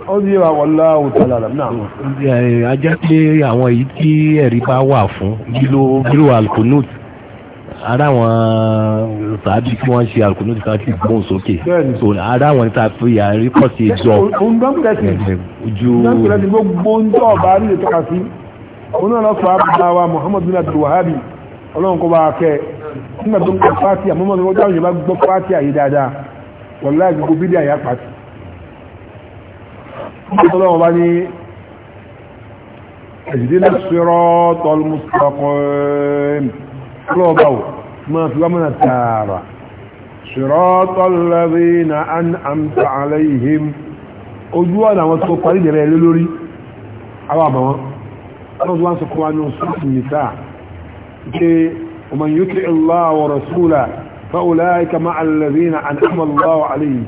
ó di àwọ̀lá òtàlàlà náà. ajá pé àwọn èyí tí ẹ̀rí bá wà fún bílò bílò alkunut ara àwọn sàábì tí wọ́n ṣe alkunut ká ti gbóhùn sókè so ara àwọn níta fi àárí pọ̀ sí ìjọ. òun dọ́kítà ti gbogbo ń tọ́ ọ̀bá nílé tọ́ka sí oní ọ̀nà fà bá wa muhammadu bin abdul wahabi ọlọ́run kó bá a kẹ́ nígbà tó ń gbọ́ pàtì àmọ́mọ́ ni wọ́n jáwé yẹn bá gbọ́ pàtì àyè dáadáa wàláhì gbogbo bídí àyà pàtì ọlọ́run bá ní ẹ̀jìdínlẹ̀ siratal mustaqim ọlọ́run bá wò máa fi wá mọ́nà رضو الله سبحانه وسلم النساء ومن يطع الله ورسوله فأولئك مع الذين أنعم الله عليهم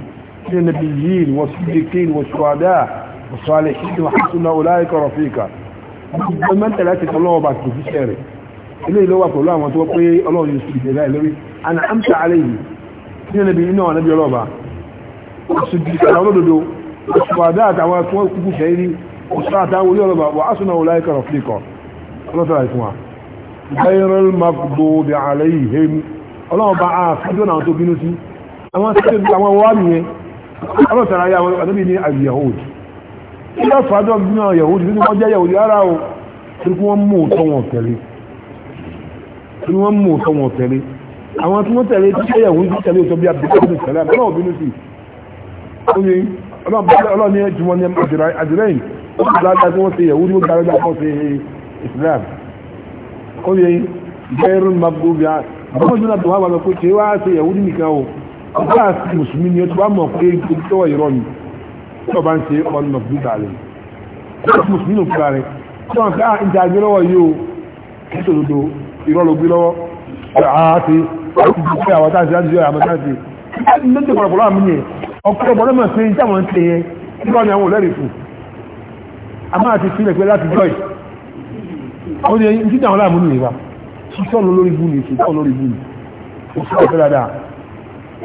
من النبيين والصديقين والشهداء والصالحين وحسن أولئك رفيقا من ثلاثة الله بعد في الشارع إليه لو أقول الله وتوقي الله يسجد إليه لوي أنا أمس عليه من النبيين ونبي الله بعد والصديقين أولده والشهداء تعوى شهيري òṣìṣẹ́ orí ọlọ́bà wà ásùnà ọláìkà rọ̀fíkọ̀ ọlọ́sàrà ìfúnwà gairil magbobi alayhim ọlọ́ọ̀bá àfíjọ́ náà tó bínú sí àwọn sẹ́lẹ̀ àwọn wà nìyẹn ọlọ́sàrà yà wọ́n ní tí wọ́n mú òtọ́ tẹ̀lé àwọn tí tẹ̀lé tí ṣe yàhóòdì tẹ̀lé ọlọ́ọ̀bínú sí ọlọ́ọ̀bínú sí ọlọ́ọ̀bínú sí lágbà tí wọ́n ṣe yẹ̀wú ní gbàgbà kan ṣe islam ó yẹ bẹ́ẹ̀rù magobia bọ́n jùlọ tó wà wà pé kí wá ṣe yẹ̀wú o ọgbà sí mùsùlùmí ni ó ti wá mọ̀ pé tó wà ìrọ̀ mi tí ọba ń ṣe ọmọ mọ̀gbù tààlẹ̀ o kí sòdodo a máa ti sílẹ̀ pé láti joy ó ní ẹni títà wọn láàmú ní ìwà sísọ́nù lórí bú ní sísọ́nù lórí bú ní ó sì ọ̀fẹ́ dáadáa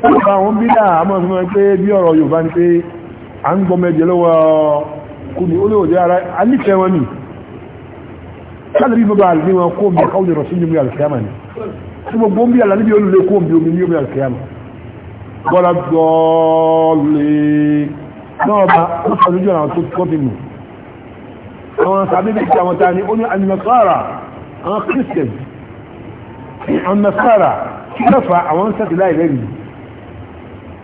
ó bá wọn bí dáa a máa fi máa pé bí ọ̀rọ̀ Yorùbá ni pé à ń gbọmọ ẹ̀jẹ̀ lọ́wọ́ kú ni ó lè òde ara a nífẹ̀ẹ́ wọn ni káàdì bí bàbá àlùmí wọn kó omi káwọn ìrọ̀sí ní omi àlùkìyàmà ni tí gbogbo omi àlà níbi olùlé kó omi omi ní omi àlùkìyàmà bọ́lá gbọ́ọ̀lì náà bá ó sọ àwọn sàbíbí ìjà wọn tani ó ní anìmọ̀sára àwọn christian anìmọ̀sára kí lọ́fà àwọn sẹ́tì láì lẹ́yìn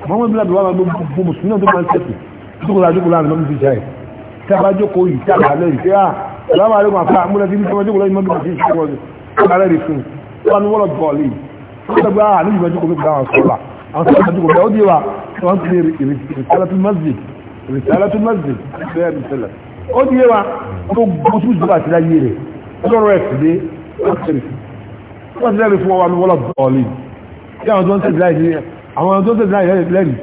àwọn ọmọ ìbílẹ̀ wọn gbogbo mùsùlùmí náà tó máa ń sẹ́tì dúkùlá dúkùlá àmì lọ́mí fi jáì tábà jókòó yìí tábà lẹ́yìn pé ah ìlànà àlẹ́kùn àfà múlẹ̀ tí wọ́n jókòó lẹ́yìn mọ́bí fi ṣe wọ́n kálẹ̀ rí fún wọn ni wọ́n lọ bọ̀ lè wọ́n lọ gbá àlẹ́ ìjọba jókòó nípa àwọn sọ́la àwọn sọ́la jókòó bẹ́ẹ̀ ó dé wa wọ́n ti rí ìrìsálátú masjid ìrìsálátú masjid ó di yé wa tó gbọ́ sí ìjọba àti láyé rẹ̀ ọlọ́rọ̀ ẹ̀ sílé wọ́n ti lẹ́rìí fún ọwọ́ alúwọ́lá bọ̀ọ̀lì tí àwọn tó ń tẹ̀sí láyé àwọn tó ń tẹ̀sí láyé lẹ́rìí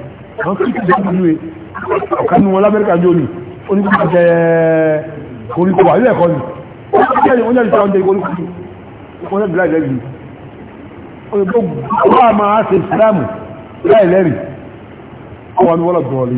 àwọn tó ń tẹ̀sí láyé ọ̀kan ní wọn lábẹ́ríkà jọ ní oníkókò jẹ́ oríkó wà nílẹ̀ kọ́ ni wọ́n jẹ́ ìṣẹ́ oúnjẹ oríkó wọ́n tẹ̀sí láyé lẹ́rìí wọ́n a máa ṣe ìsìlámù láyé lẹ́rìí ọwọ́ alúwọ́lá bọ̀ọ̀lì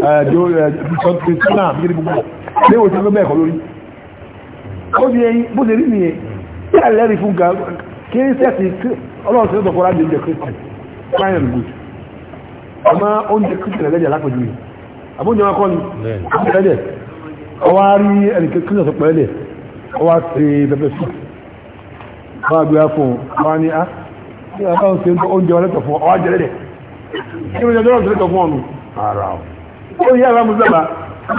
jọ́nà gírí gbogbo léwò tí ó bẹ́ẹ̀kọ́ lórí ó di ẹyin bó ṣe rí nìyẹn tí a lẹ́rí fún ga kírísẹ́sì ọlọ́run tí ó tọ́kọ́ láti oúnjẹ kírísẹ́sì fine and good ọmọ oúnjẹ kírísẹ́sì lẹ́jẹ̀ lápẹ̀jú yìí àbújọ wọn kọ́ ni lẹ́jẹ̀ ọwá rí ẹnì kírísẹ́sì pẹ̀lẹ́dẹ̀ ọwá ti bẹ̀bẹ̀ sí wọ́n gbé fún wọn ó yẹ àwọn mùsùlùmá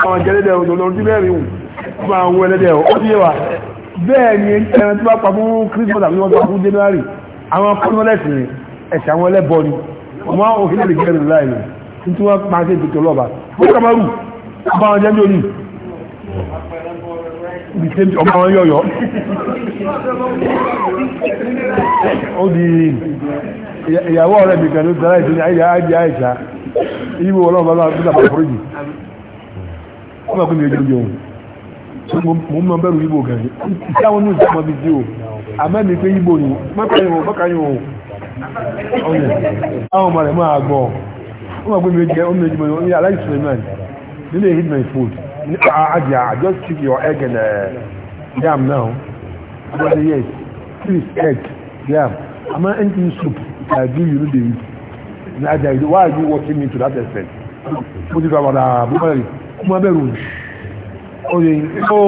àwọn jẹ́lẹ́dẹ̀ olóòrùn tí bẹ́ẹ̀ rí wù fún àwọn ẹlẹ́dẹ̀ ó ti yé wa bẹ́ẹ̀ ni ẹran tí wọ́n pa fún Christmas àbí wọ́n pa fún January àwọn kọ́nọ́lẹ́sì ẹ̀sẹ̀ àwọn ẹlẹ́bọ ni ọmọ òfin lè gẹ́rù láì lọ tí wọ́n pa sí ìpìtò lọ́ba ó kàmárù ọba wọn jẹ́ lórí ọmọ wọn yọ̀yọ̀ ó di ìyàwó ọ̀rẹ́ mi kan ló dára ìsinmi àìyá àìyá àìyá èyí wo ọlọ́run bàbá bí làbà fúrújì ó bá kún mi ojú ojú òun mo mọ bẹ́rù ibo gan ìṣe àwọn oníṣẹ́ ọmọ bíi tí o àmọ́ pé ibo ni mọ́kàyìn o mọ́kàyìn o ọ̀yẹ̀ àwọn ọmọ rẹ̀ máa gbọ́ ó máa gbé mi jẹ́ omi ojú ojú ojú suleiman nílé hit my food ní àjà ah, ah, just keep your egg and jam uh, now yes please egg yam àmọ́ anything soup i give you no dey in agile why are you watching me to that extent mo ti sọ àwọn àbúkọ̀rẹ̀ mo máa bẹ̀rù oye ó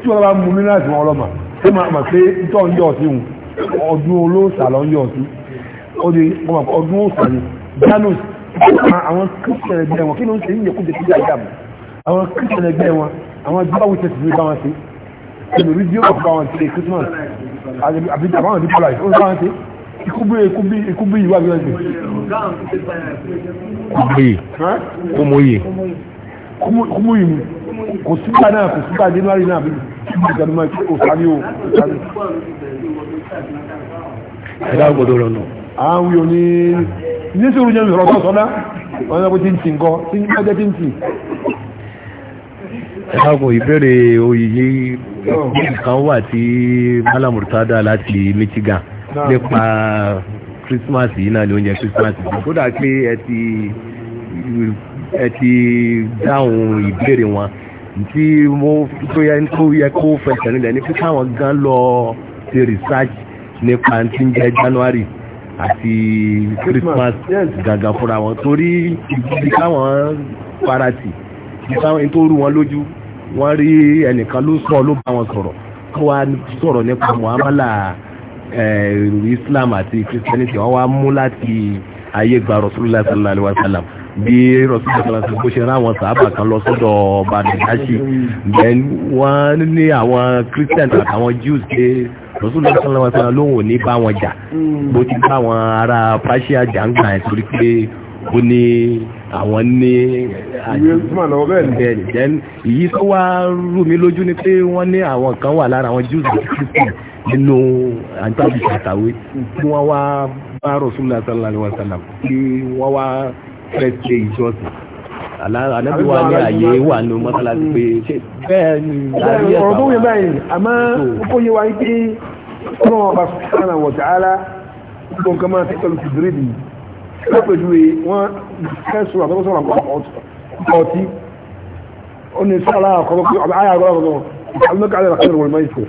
tí wọ́n bá mú mi náà sí wọn ọlọ́mà ṣé máa mà pé tó ń yọ̀ sí òun ọdún olóòṣà lọ ń yọ̀ sí oye mo máa ọdún òṣà ni janus àwọn kírísítẹ̀nì ẹgbẹ́ wọn kí ló ń ṣe yíyẹ kúndé sílẹ̀ àyà mọ́ àwọn kírísítẹ̀nì ẹgbẹ́ wọn àwọn báwo ṣe sì fi bá wọn ṣe ẹnu rí díò bá wọn ṣe christmas àbí àbáwọn ní ikúgbé ikúgbé ikúgbé ìwà àbí ọ̀gbìn. kúmòye kúmòye kúmòye mu kò sígbà náà kò sígbà january náà bí kíkú ìgbà máa kí òsàní o òsàní. ẹ dá gbọdọ rẹ nù. àwọn yòó ní ní sòrò jẹ́ ìrọ̀ tó sọ́dá wọn náà kó ti ń tì nǹkan tí ń bá jẹ́ ti ń tì. ẹ dá gbọ́ ìbéèrè oyè yìí kan wà tí malamurtada láti Michigan nípa Christmas yìí náà ni oúnjẹ Christmas yìí kódà pé ẹ ti ẹ ti dáhùn ìbéèrè wọn tí mo tó yẹ kó yẹ kó fẹsẹ̀ nílẹ̀ ní pé káwọn gan lọ ṣe research nípa tí ń jẹ́ January àti Christmas gàgà fúnra wọn torí ibi káwọn farati ìtàwọn tó rú wọn lójú wọ́n rí ẹnìkan ló sọ ló bá wọn sọ̀rọ̀ wọ́n wá sọ̀rọ̀ nípa muamala Eh, Islam àti Christianity wọ́n wá mú láti ayé gba Rasulullah sallallahu alaihi wa sallam bí Rasulullah sallallahu alaihi wa sallam bó ṣe rán àwọn sàábà kan lọ sọ́dọ̀ bàdàdáṣì then wọ́n ní àwọn Christians àtàwọn Jews pé Rasulullah sallallahu alaihi wa sallam lóhùn ní bá wọn jà mm. bó ti bá àwọn ará Persia jà ń gbà ẹ̀ torí pé ó ní àwọn ní àjẹ́ ìyí tó wá rú mi lójú ni pé wọ́n ní àwọn kan wà lára àwọn Jews àti Christians nínú àǹtàbí àtàwé tí wọ́n wá bá Rasulullah sallallahu alaihi wasallam tí wọ́n wá fẹ́ ṣe ìjọsìn ànábì wa ní àyè wà ní mọ́sálásí pé ṣe bẹ́ẹ̀ ni láàrin ẹ̀fà wa. ọ̀rọ̀ tó yẹ báyìí àmọ́ ó yẹ wáyé pé ọlọ́run ọba subhanahu wa ta'ala gbogbo nǹkan máa tẹ́tọ̀ lóṣù dírìbì lápẹ̀júwe wọ́n fẹ́ sọ̀rọ̀ àtọ́kọ́sọ̀rọ̀ ọ̀tí ó ní sọ́ọ̀lá àkọ́kọ́ àyà àkọ́kọ́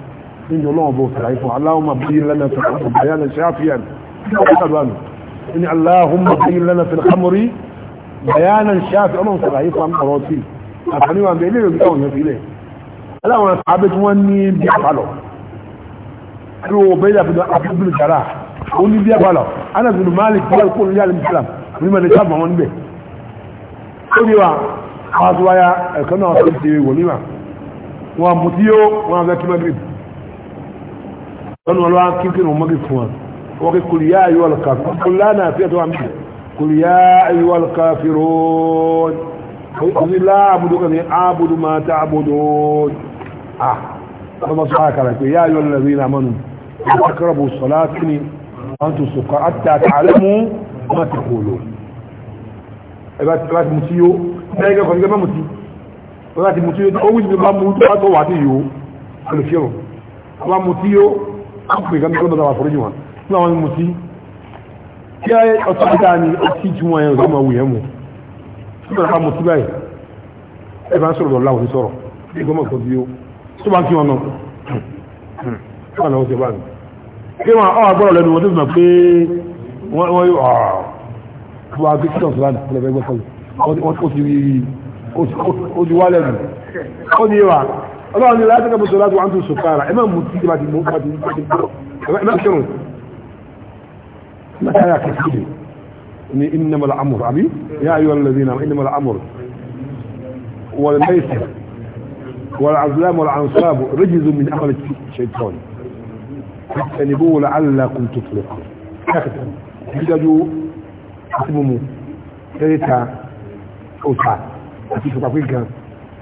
nínú ọlọ́wọ́ bó fẹ̀rẹ̀ ìfún aláhùnmá bí lẹ́nà fẹ̀rẹ̀ ṣáfíàn ní aláhùnmá bí lẹ́nà fẹ̀rẹ̀ hamori bayanan ṣáfí ọlọ́wọ́ fẹ̀rẹ̀ ìfún ọ̀rọ̀ tí àfàníwà bẹ̀ ilé ìròyìn táwọn yẹn fi ilẹ̀ aláwọn àbẹ́ tí wọ́n ní bí àpàlọ̀ kí wọ́n bẹ́ ìdàbí abúlé jara ó ní bí àpàlọ̀ anàbìnú malik bí alkó ní alẹ́ islam ní mẹ́rin sábà wọn níbẹ̀ ó ní wa àwọn lọ́nà ọlọ́wà kíkì ní ọmọdé fún wa wọ́n kí kùlìyà ayọ́ alkafi kùlá náà fi ẹ̀tọ́ àmì kùlìyà ayọ́ alkafi rọ́ọ̀n ọdún láàbùdó kan ní àbùdó máa ta àbùdó à ọmọ sọ àkàrà pé yá ayọ́ lẹ́rìn náà sọ̀lá kí ni wọ́n tún sọ̀kọ́ àtàkà alẹ́mú má ti kò lò ẹ̀bá ti mú sí yó ẹ̀ẹ́gẹ́ kọ̀ọ̀gẹ́ má mú sí ẹ̀bá ti mú sí yó ó wí pè kan tó lọ́dọ̀ àforíjì wọn ní àwọn mú sí kí ẹ ọtí kíta ni ọtí tí wọn yẹn ọmọ wù yẹn mu nígbà náà mú sí báyìí ẹ bá ń sọ̀rọ̀ lọ́la òní sọ̀rọ̀ bí gbọ́mọ̀ kan bí ó tó bá ń kí wọn nọ wọn náà ó ṣe báyìí kí wọn ọ àgbọ̀rọ̀ lẹ́nu wọn tó mọ̀ pé wọ́n yóò ọ̀ á gbé kí ọ̀sán láti fún الله لا يتكى بالزلاد وعنده سكارة إمام مدتك ما تنمو ما تنمو ما تنمو ما تنمو ما تنمو إنما العمر عبي يا أيها الذين إنما العمر والميسر والعزلام والعنصاب رجز من أمر الشيطان فاتنبوه لعلكم تطلقوا تاخذ تجدوا تسمموا تريتها أوسعى تجدوا تفكيكا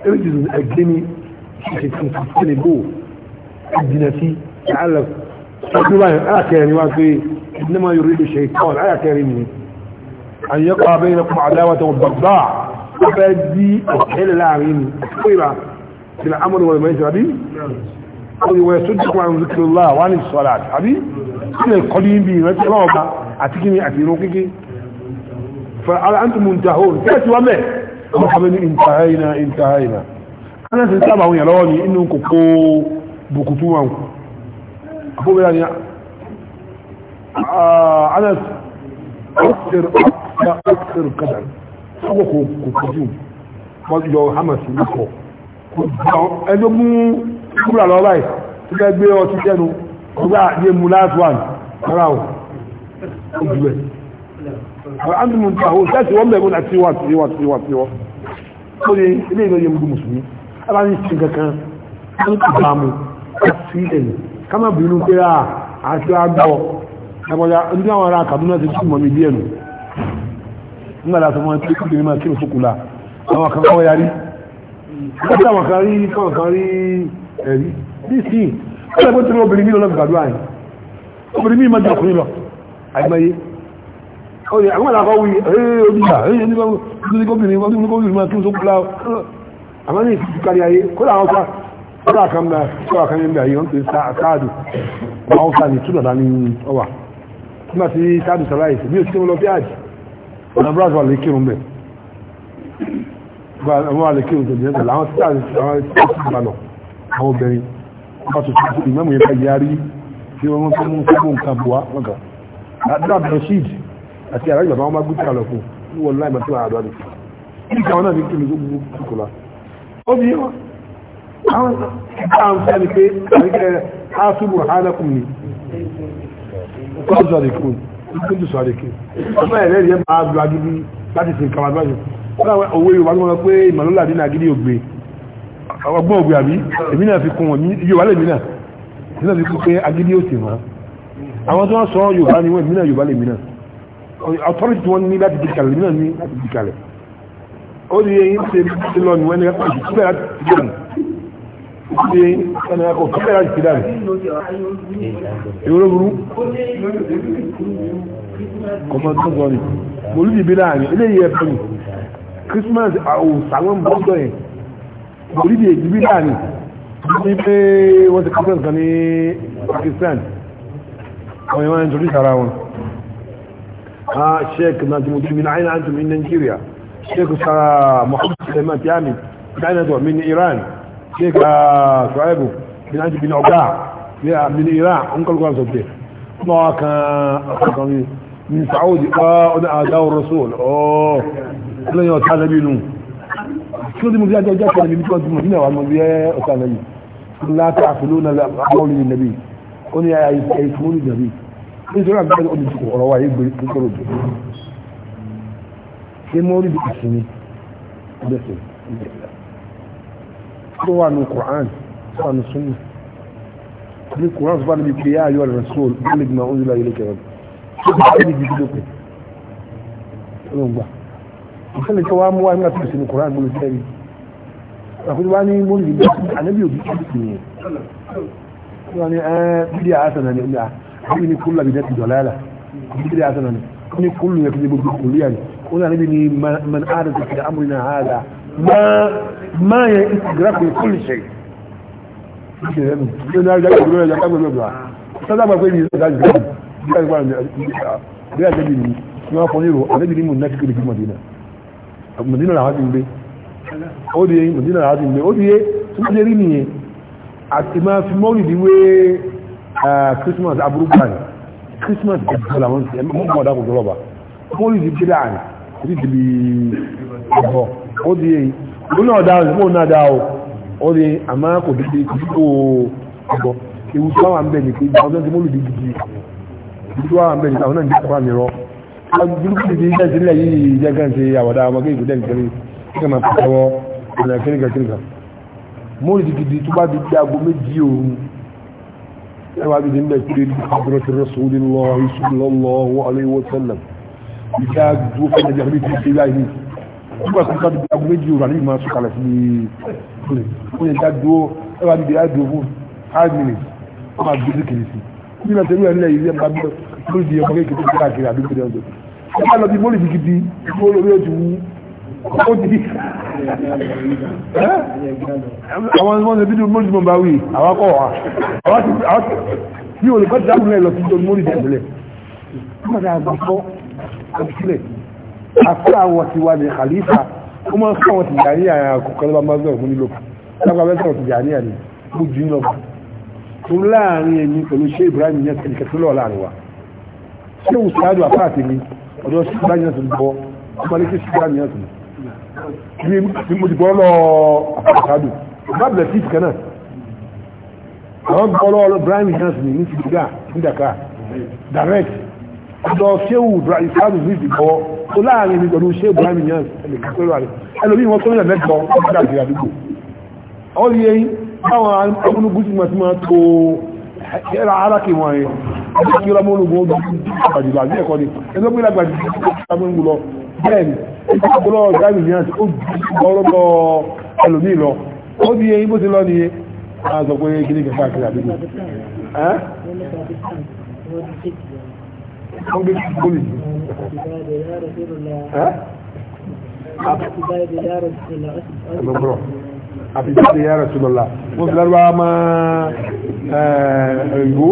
رجز أجلني ìṣẹ̀tìbò ìjìnà sí ààlẹ̀ alákẹrin wá pé inama yuridu shaytan alákẹrin ni an yaqa bainakum adawatan wa baghdha fẹ́ di ọ̀kẹ́lẹ̀ láàrin ni fúra sílẹ̀ amúrù wọn mẹ́sì àbí olùwẹ̀ sójúkọ̀ àwọn zikrullah wà ní sọ́lá àbí sílẹ̀ kọ́dí bí ìrántí ọlọ́ọ̀bá àti kí ni àti irun kíkí fa ala antum muntahun kẹ́ẹ̀tì wá mẹ́ ọmọ kàmẹ́ ní intahayna intahayna ẹlẹ́sì ń sábà àwọn èèyàn lọ́wọ́ ní inú kòkó bùkútù wọn àfóbíyà ni ah, anas ọ̀sẹ̀r ọ̀sẹ̀r kadà sọ́kọ̀ kò kòkòtù wọ́n yọ hamas ní kọ̀ ẹjọ́ mú kúrò lọ báyìí tó fẹ́ gbé ọtí sẹ́nu ọgbà yé mu last one o ojú ẹ̀ àwọn andrew mutaho sẹ́sì wọ́n bẹ̀rẹ̀ mú na tiwa tiwa tiwa tiwa ó ní ilé aláàrin ti kankan ní ìbámu láti ilẹ̀ ní kama bínú pé a àti na ẹgbọ́já ní àwọn ará Kaduna ti kí mọ̀mí díẹ̀ nù nígbàdà tó mọ́ tí kí bìnrin máa kí ló sókùlà àwọn kan kọ́ yarí wọ́n táwọn kan rí káwọn kan rí ẹ̀rí bí sí ọlọ́pẹ́ tí obìnrin mi lọ́lọ́ gbàdúrà yìí obìnrin mi máa jẹ́ ọkùnrin lọ àgbáyé àwọn àlàkọ́ wí ẹ̀ẹ́ onígbà ẹ̀ẹ́ onígbà àmọ́ ní ìtìtì kárí ayé kó làwọn fa ọ̀rọ̀ àkànbà tí wà kan níbi ayé wọ́n pè sáàdù àwọn sáàdù tún dàdá ní ọwà tí ma ti sáàdù sàláìsì bí o ti lọ bí àjì ọ̀nà brazil wà lè kírun bẹ̀ wọ́n wà lè kírun tó jẹ́ bẹ̀rẹ̀ àwọn tí sáàdù sàláìsì ti bà lọ àwọn obìnrin wọ́n bá tuntun sí ìmọ̀mù yẹn bá yarí tí wọ́n mú fún fún nǹkan buwa lọ́gà àdúrà bẹ̀rẹ̀ṣíd àti àrẹ́gbẹ̀ bá wọn bá gbé ó bí yíwọ́ àwọn àǹfààní pé àríkẹ́ áṣùgbò hálẹ́kùn ni kọ́ọ̀sọ̀ àríkùn ìpínlẹ̀ sọ àríkẹ́ ọmọ ẹ̀rẹ́ rẹ̀ máa lọ agidi láti fi kàwà báyìí wọ́n òwe yorùbá tó wọ́n pé ìmọ̀lọ́lá dín agidi ògbé ọgbọ́n ògbé àbí èmi náà fi kún wọn yorùbá lèmi náà èmi náà fi kún pé agidi ó sì mọ́ àwọn tó wọ́n sọ yorùbá ni wọ́n èmi náà yorùbá lèmi náà authority wọn ní láti dìkalẹ̀ ó ní eyín ṣe ti lọ nìwọ́n ní ẹ̀ka ìṣù síbẹ̀ láti ti dànù ó ní eyín ẹni ẹ̀ka ìṣù síbẹ̀ láti ti dànù ìwúrọ̀ burú kọ́mọ tó sọ ni mòlú ti bí láàrin eléyìí ẹ̀fọ́ ni Christmas àwòsàn àwọn bọ́ọ̀dọ̀ yẹn mòlú ti èjì bí láàrin ní pé wọ́n ti Christmas kan ní Pakistan àwọn ìwọ̀n ẹni torí sara wọn. Ah, Sheikh Najmuddin bin Aina antum min Nigeria sheikh muhammad suleiman tiani dinator min iran sheikh shuaibu bin aji bin ọgá min iran n kọlùkọ́ sọ̀tẹ̀ kuma wa kan akọ̀kọ̀rin min saudi ọdún àdáwò rasul ooo lẹ́yìn ọ̀tá lẹ́bí inú kí ló dí mo bí ajá jẹ́ kẹ́lẹ́bí bí wọ́n ti mọ̀ nínú àwọn ọmọ bí ẹ́ ọ̀tá lẹ́bí láti àfilú na àwọn ìnàbí ó ní àyíkú ní ìnàbí nítorí àgbẹ̀rẹ̀ olùsùkò ọ̀rọ̀ wa yìí gbé ṣe mọ́ orí dìkà sinmi lẹ́sẹ̀ tó wà ní Qur'an tó wà ní sunna ní Qur'an tó bá níbi pé yá ayọ́ rẹ̀ sóòl bá lè gbìmọ̀ oúnjẹ láyé lókè rẹ̀ tó bá níbi jù tó pè ló ń gbà ìṣẹ̀lẹ̀ tó wá mú tó sì ní Qur'an ní mo lè gbé ànábì òbí tó sì ní wọ́n ní ẹ́ bídí àásán náà ní ọjà àbí ní kúlọ̀ ní kúlù yẹ fi gbogbo kúlù yẹn ó náà níbi ni man áàdà ti fi amúrin náà áàdà máa yẹ ìgbàkú kúlù ṣe Mọ̀dínà làwọn ti ń gbé, ó di yé, Mọ̀dínà làwọn ti ń gbé, ó di yé, tó mọ́ jẹ́ rí nìyẹn, àti máa fi mọ́rìdí wé eh, Christmas aburú báyìí christmas gbọ́dọ̀ àwọn ṣe mọ́ mọ́ dákò tó rọ̀bà wọ́n rí ti bílá àrùn rí ti bí ọ̀bọ̀ ó di èyí ó náà dá òsì fóun náà dá o ó di àmá kò dídí kò dídí ọ̀bọ̀ ewu tí wọ́n wà ń bẹ̀ ní pé àwọn tó ń ti mọ́lù di gidi ewu tí wọ́n wà ń bẹ̀ ní pé àwọn náà ń dẹ́kọ̀ọ́ àmì rọ burúkú ti di iṣẹ́ sílẹ̀ yìí jẹ́ kàn ṣe àwàdà ọmọge ìgbẹ́dẹ̀ nìkẹ́rẹ́ kí kàn máa pàtẹ́wọ́ ọ̀nà kẹ́ríkà kẹ́ríkà mọ́lù di gidi tó bá di di aago méjì òru ẹwàbí dínlẹ̀ kiri àbúrọ̀tí rasulillah sallallahu alaihi wasallam ìjá dúró fún ẹjẹ́ rí ti ṣe láìní nígbà tó ká dúró méjì rà nígbà tó kalẹ̀ sí ilé fún ẹjá dúró ẹwàbí dínlẹ̀ dúró fún five minutes wọ́n máa dúró kiri di àwọn ọmọ ọmọ ìbídú mọ́jú mọ́ bá wí àwákọ̀ wà ní olùkọ́ ti dákùnlẹ̀ lọ sí ìjọba mórí ìdẹ̀bẹ̀lẹ̀ mọ́ta àgbàkọ́ àbísílẹ̀ àkọ́lá àwọn ti wà ní khalifa ó mọ́ sí àwọn tìjàní àyà kọ̀kọ́lọ́bà mazọ́ ògún nílò lágbàbẹ́sọ̀ tìjàní àní mú jù ní ọgbà tó láàrin èmi pẹ̀lú ṣé Ibrahim yẹn ti kẹtọ́ lọ́ọ̀ láàrin wa ṣé òṣèlú àpáàtì mi ọ̀dọ́ sí Ibrahim yẹn ti bọ́ ọmọdé sí Ibrahim yẹn ti bọ́ ní mo ti gbọ́ lọ àkàdù bábìlẹ̀ tí ìtìkẹ́ náà àwọn gbọ́ lọ Ibrahim Niass ní ní sìgá ní Dakar direct ọ̀dọ̀ ṣéwù ìsáàdù ní ìdìbọ̀ tó láàrin ní pẹ̀lú ṣéwù Ibrahim Niass ẹnìkan pẹ̀lú àrẹ ẹlòmí wọn tó nílẹ̀ mẹ́jọ ọ̀dà ìrìn àdúgbò ó rí eyín báwọn amúnugún sí màtí máa tó ẹ̀rà arákè wọn yẹn ọdún kí ọlọ́mọ ológun ó gbà bẹ́ẹ̀ni ìgbàgbọ́lọ́ ọ̀dáàmì ní àti ó gbọ́rọ́gbọ́ ẹlòmí lọ ó di eyín bó ti lọ nìyẹ àzọ̀ pé gíní kẹfà àkìlà àdúgbò àbíjáde fi lárúbá máa ẹ̀rìngó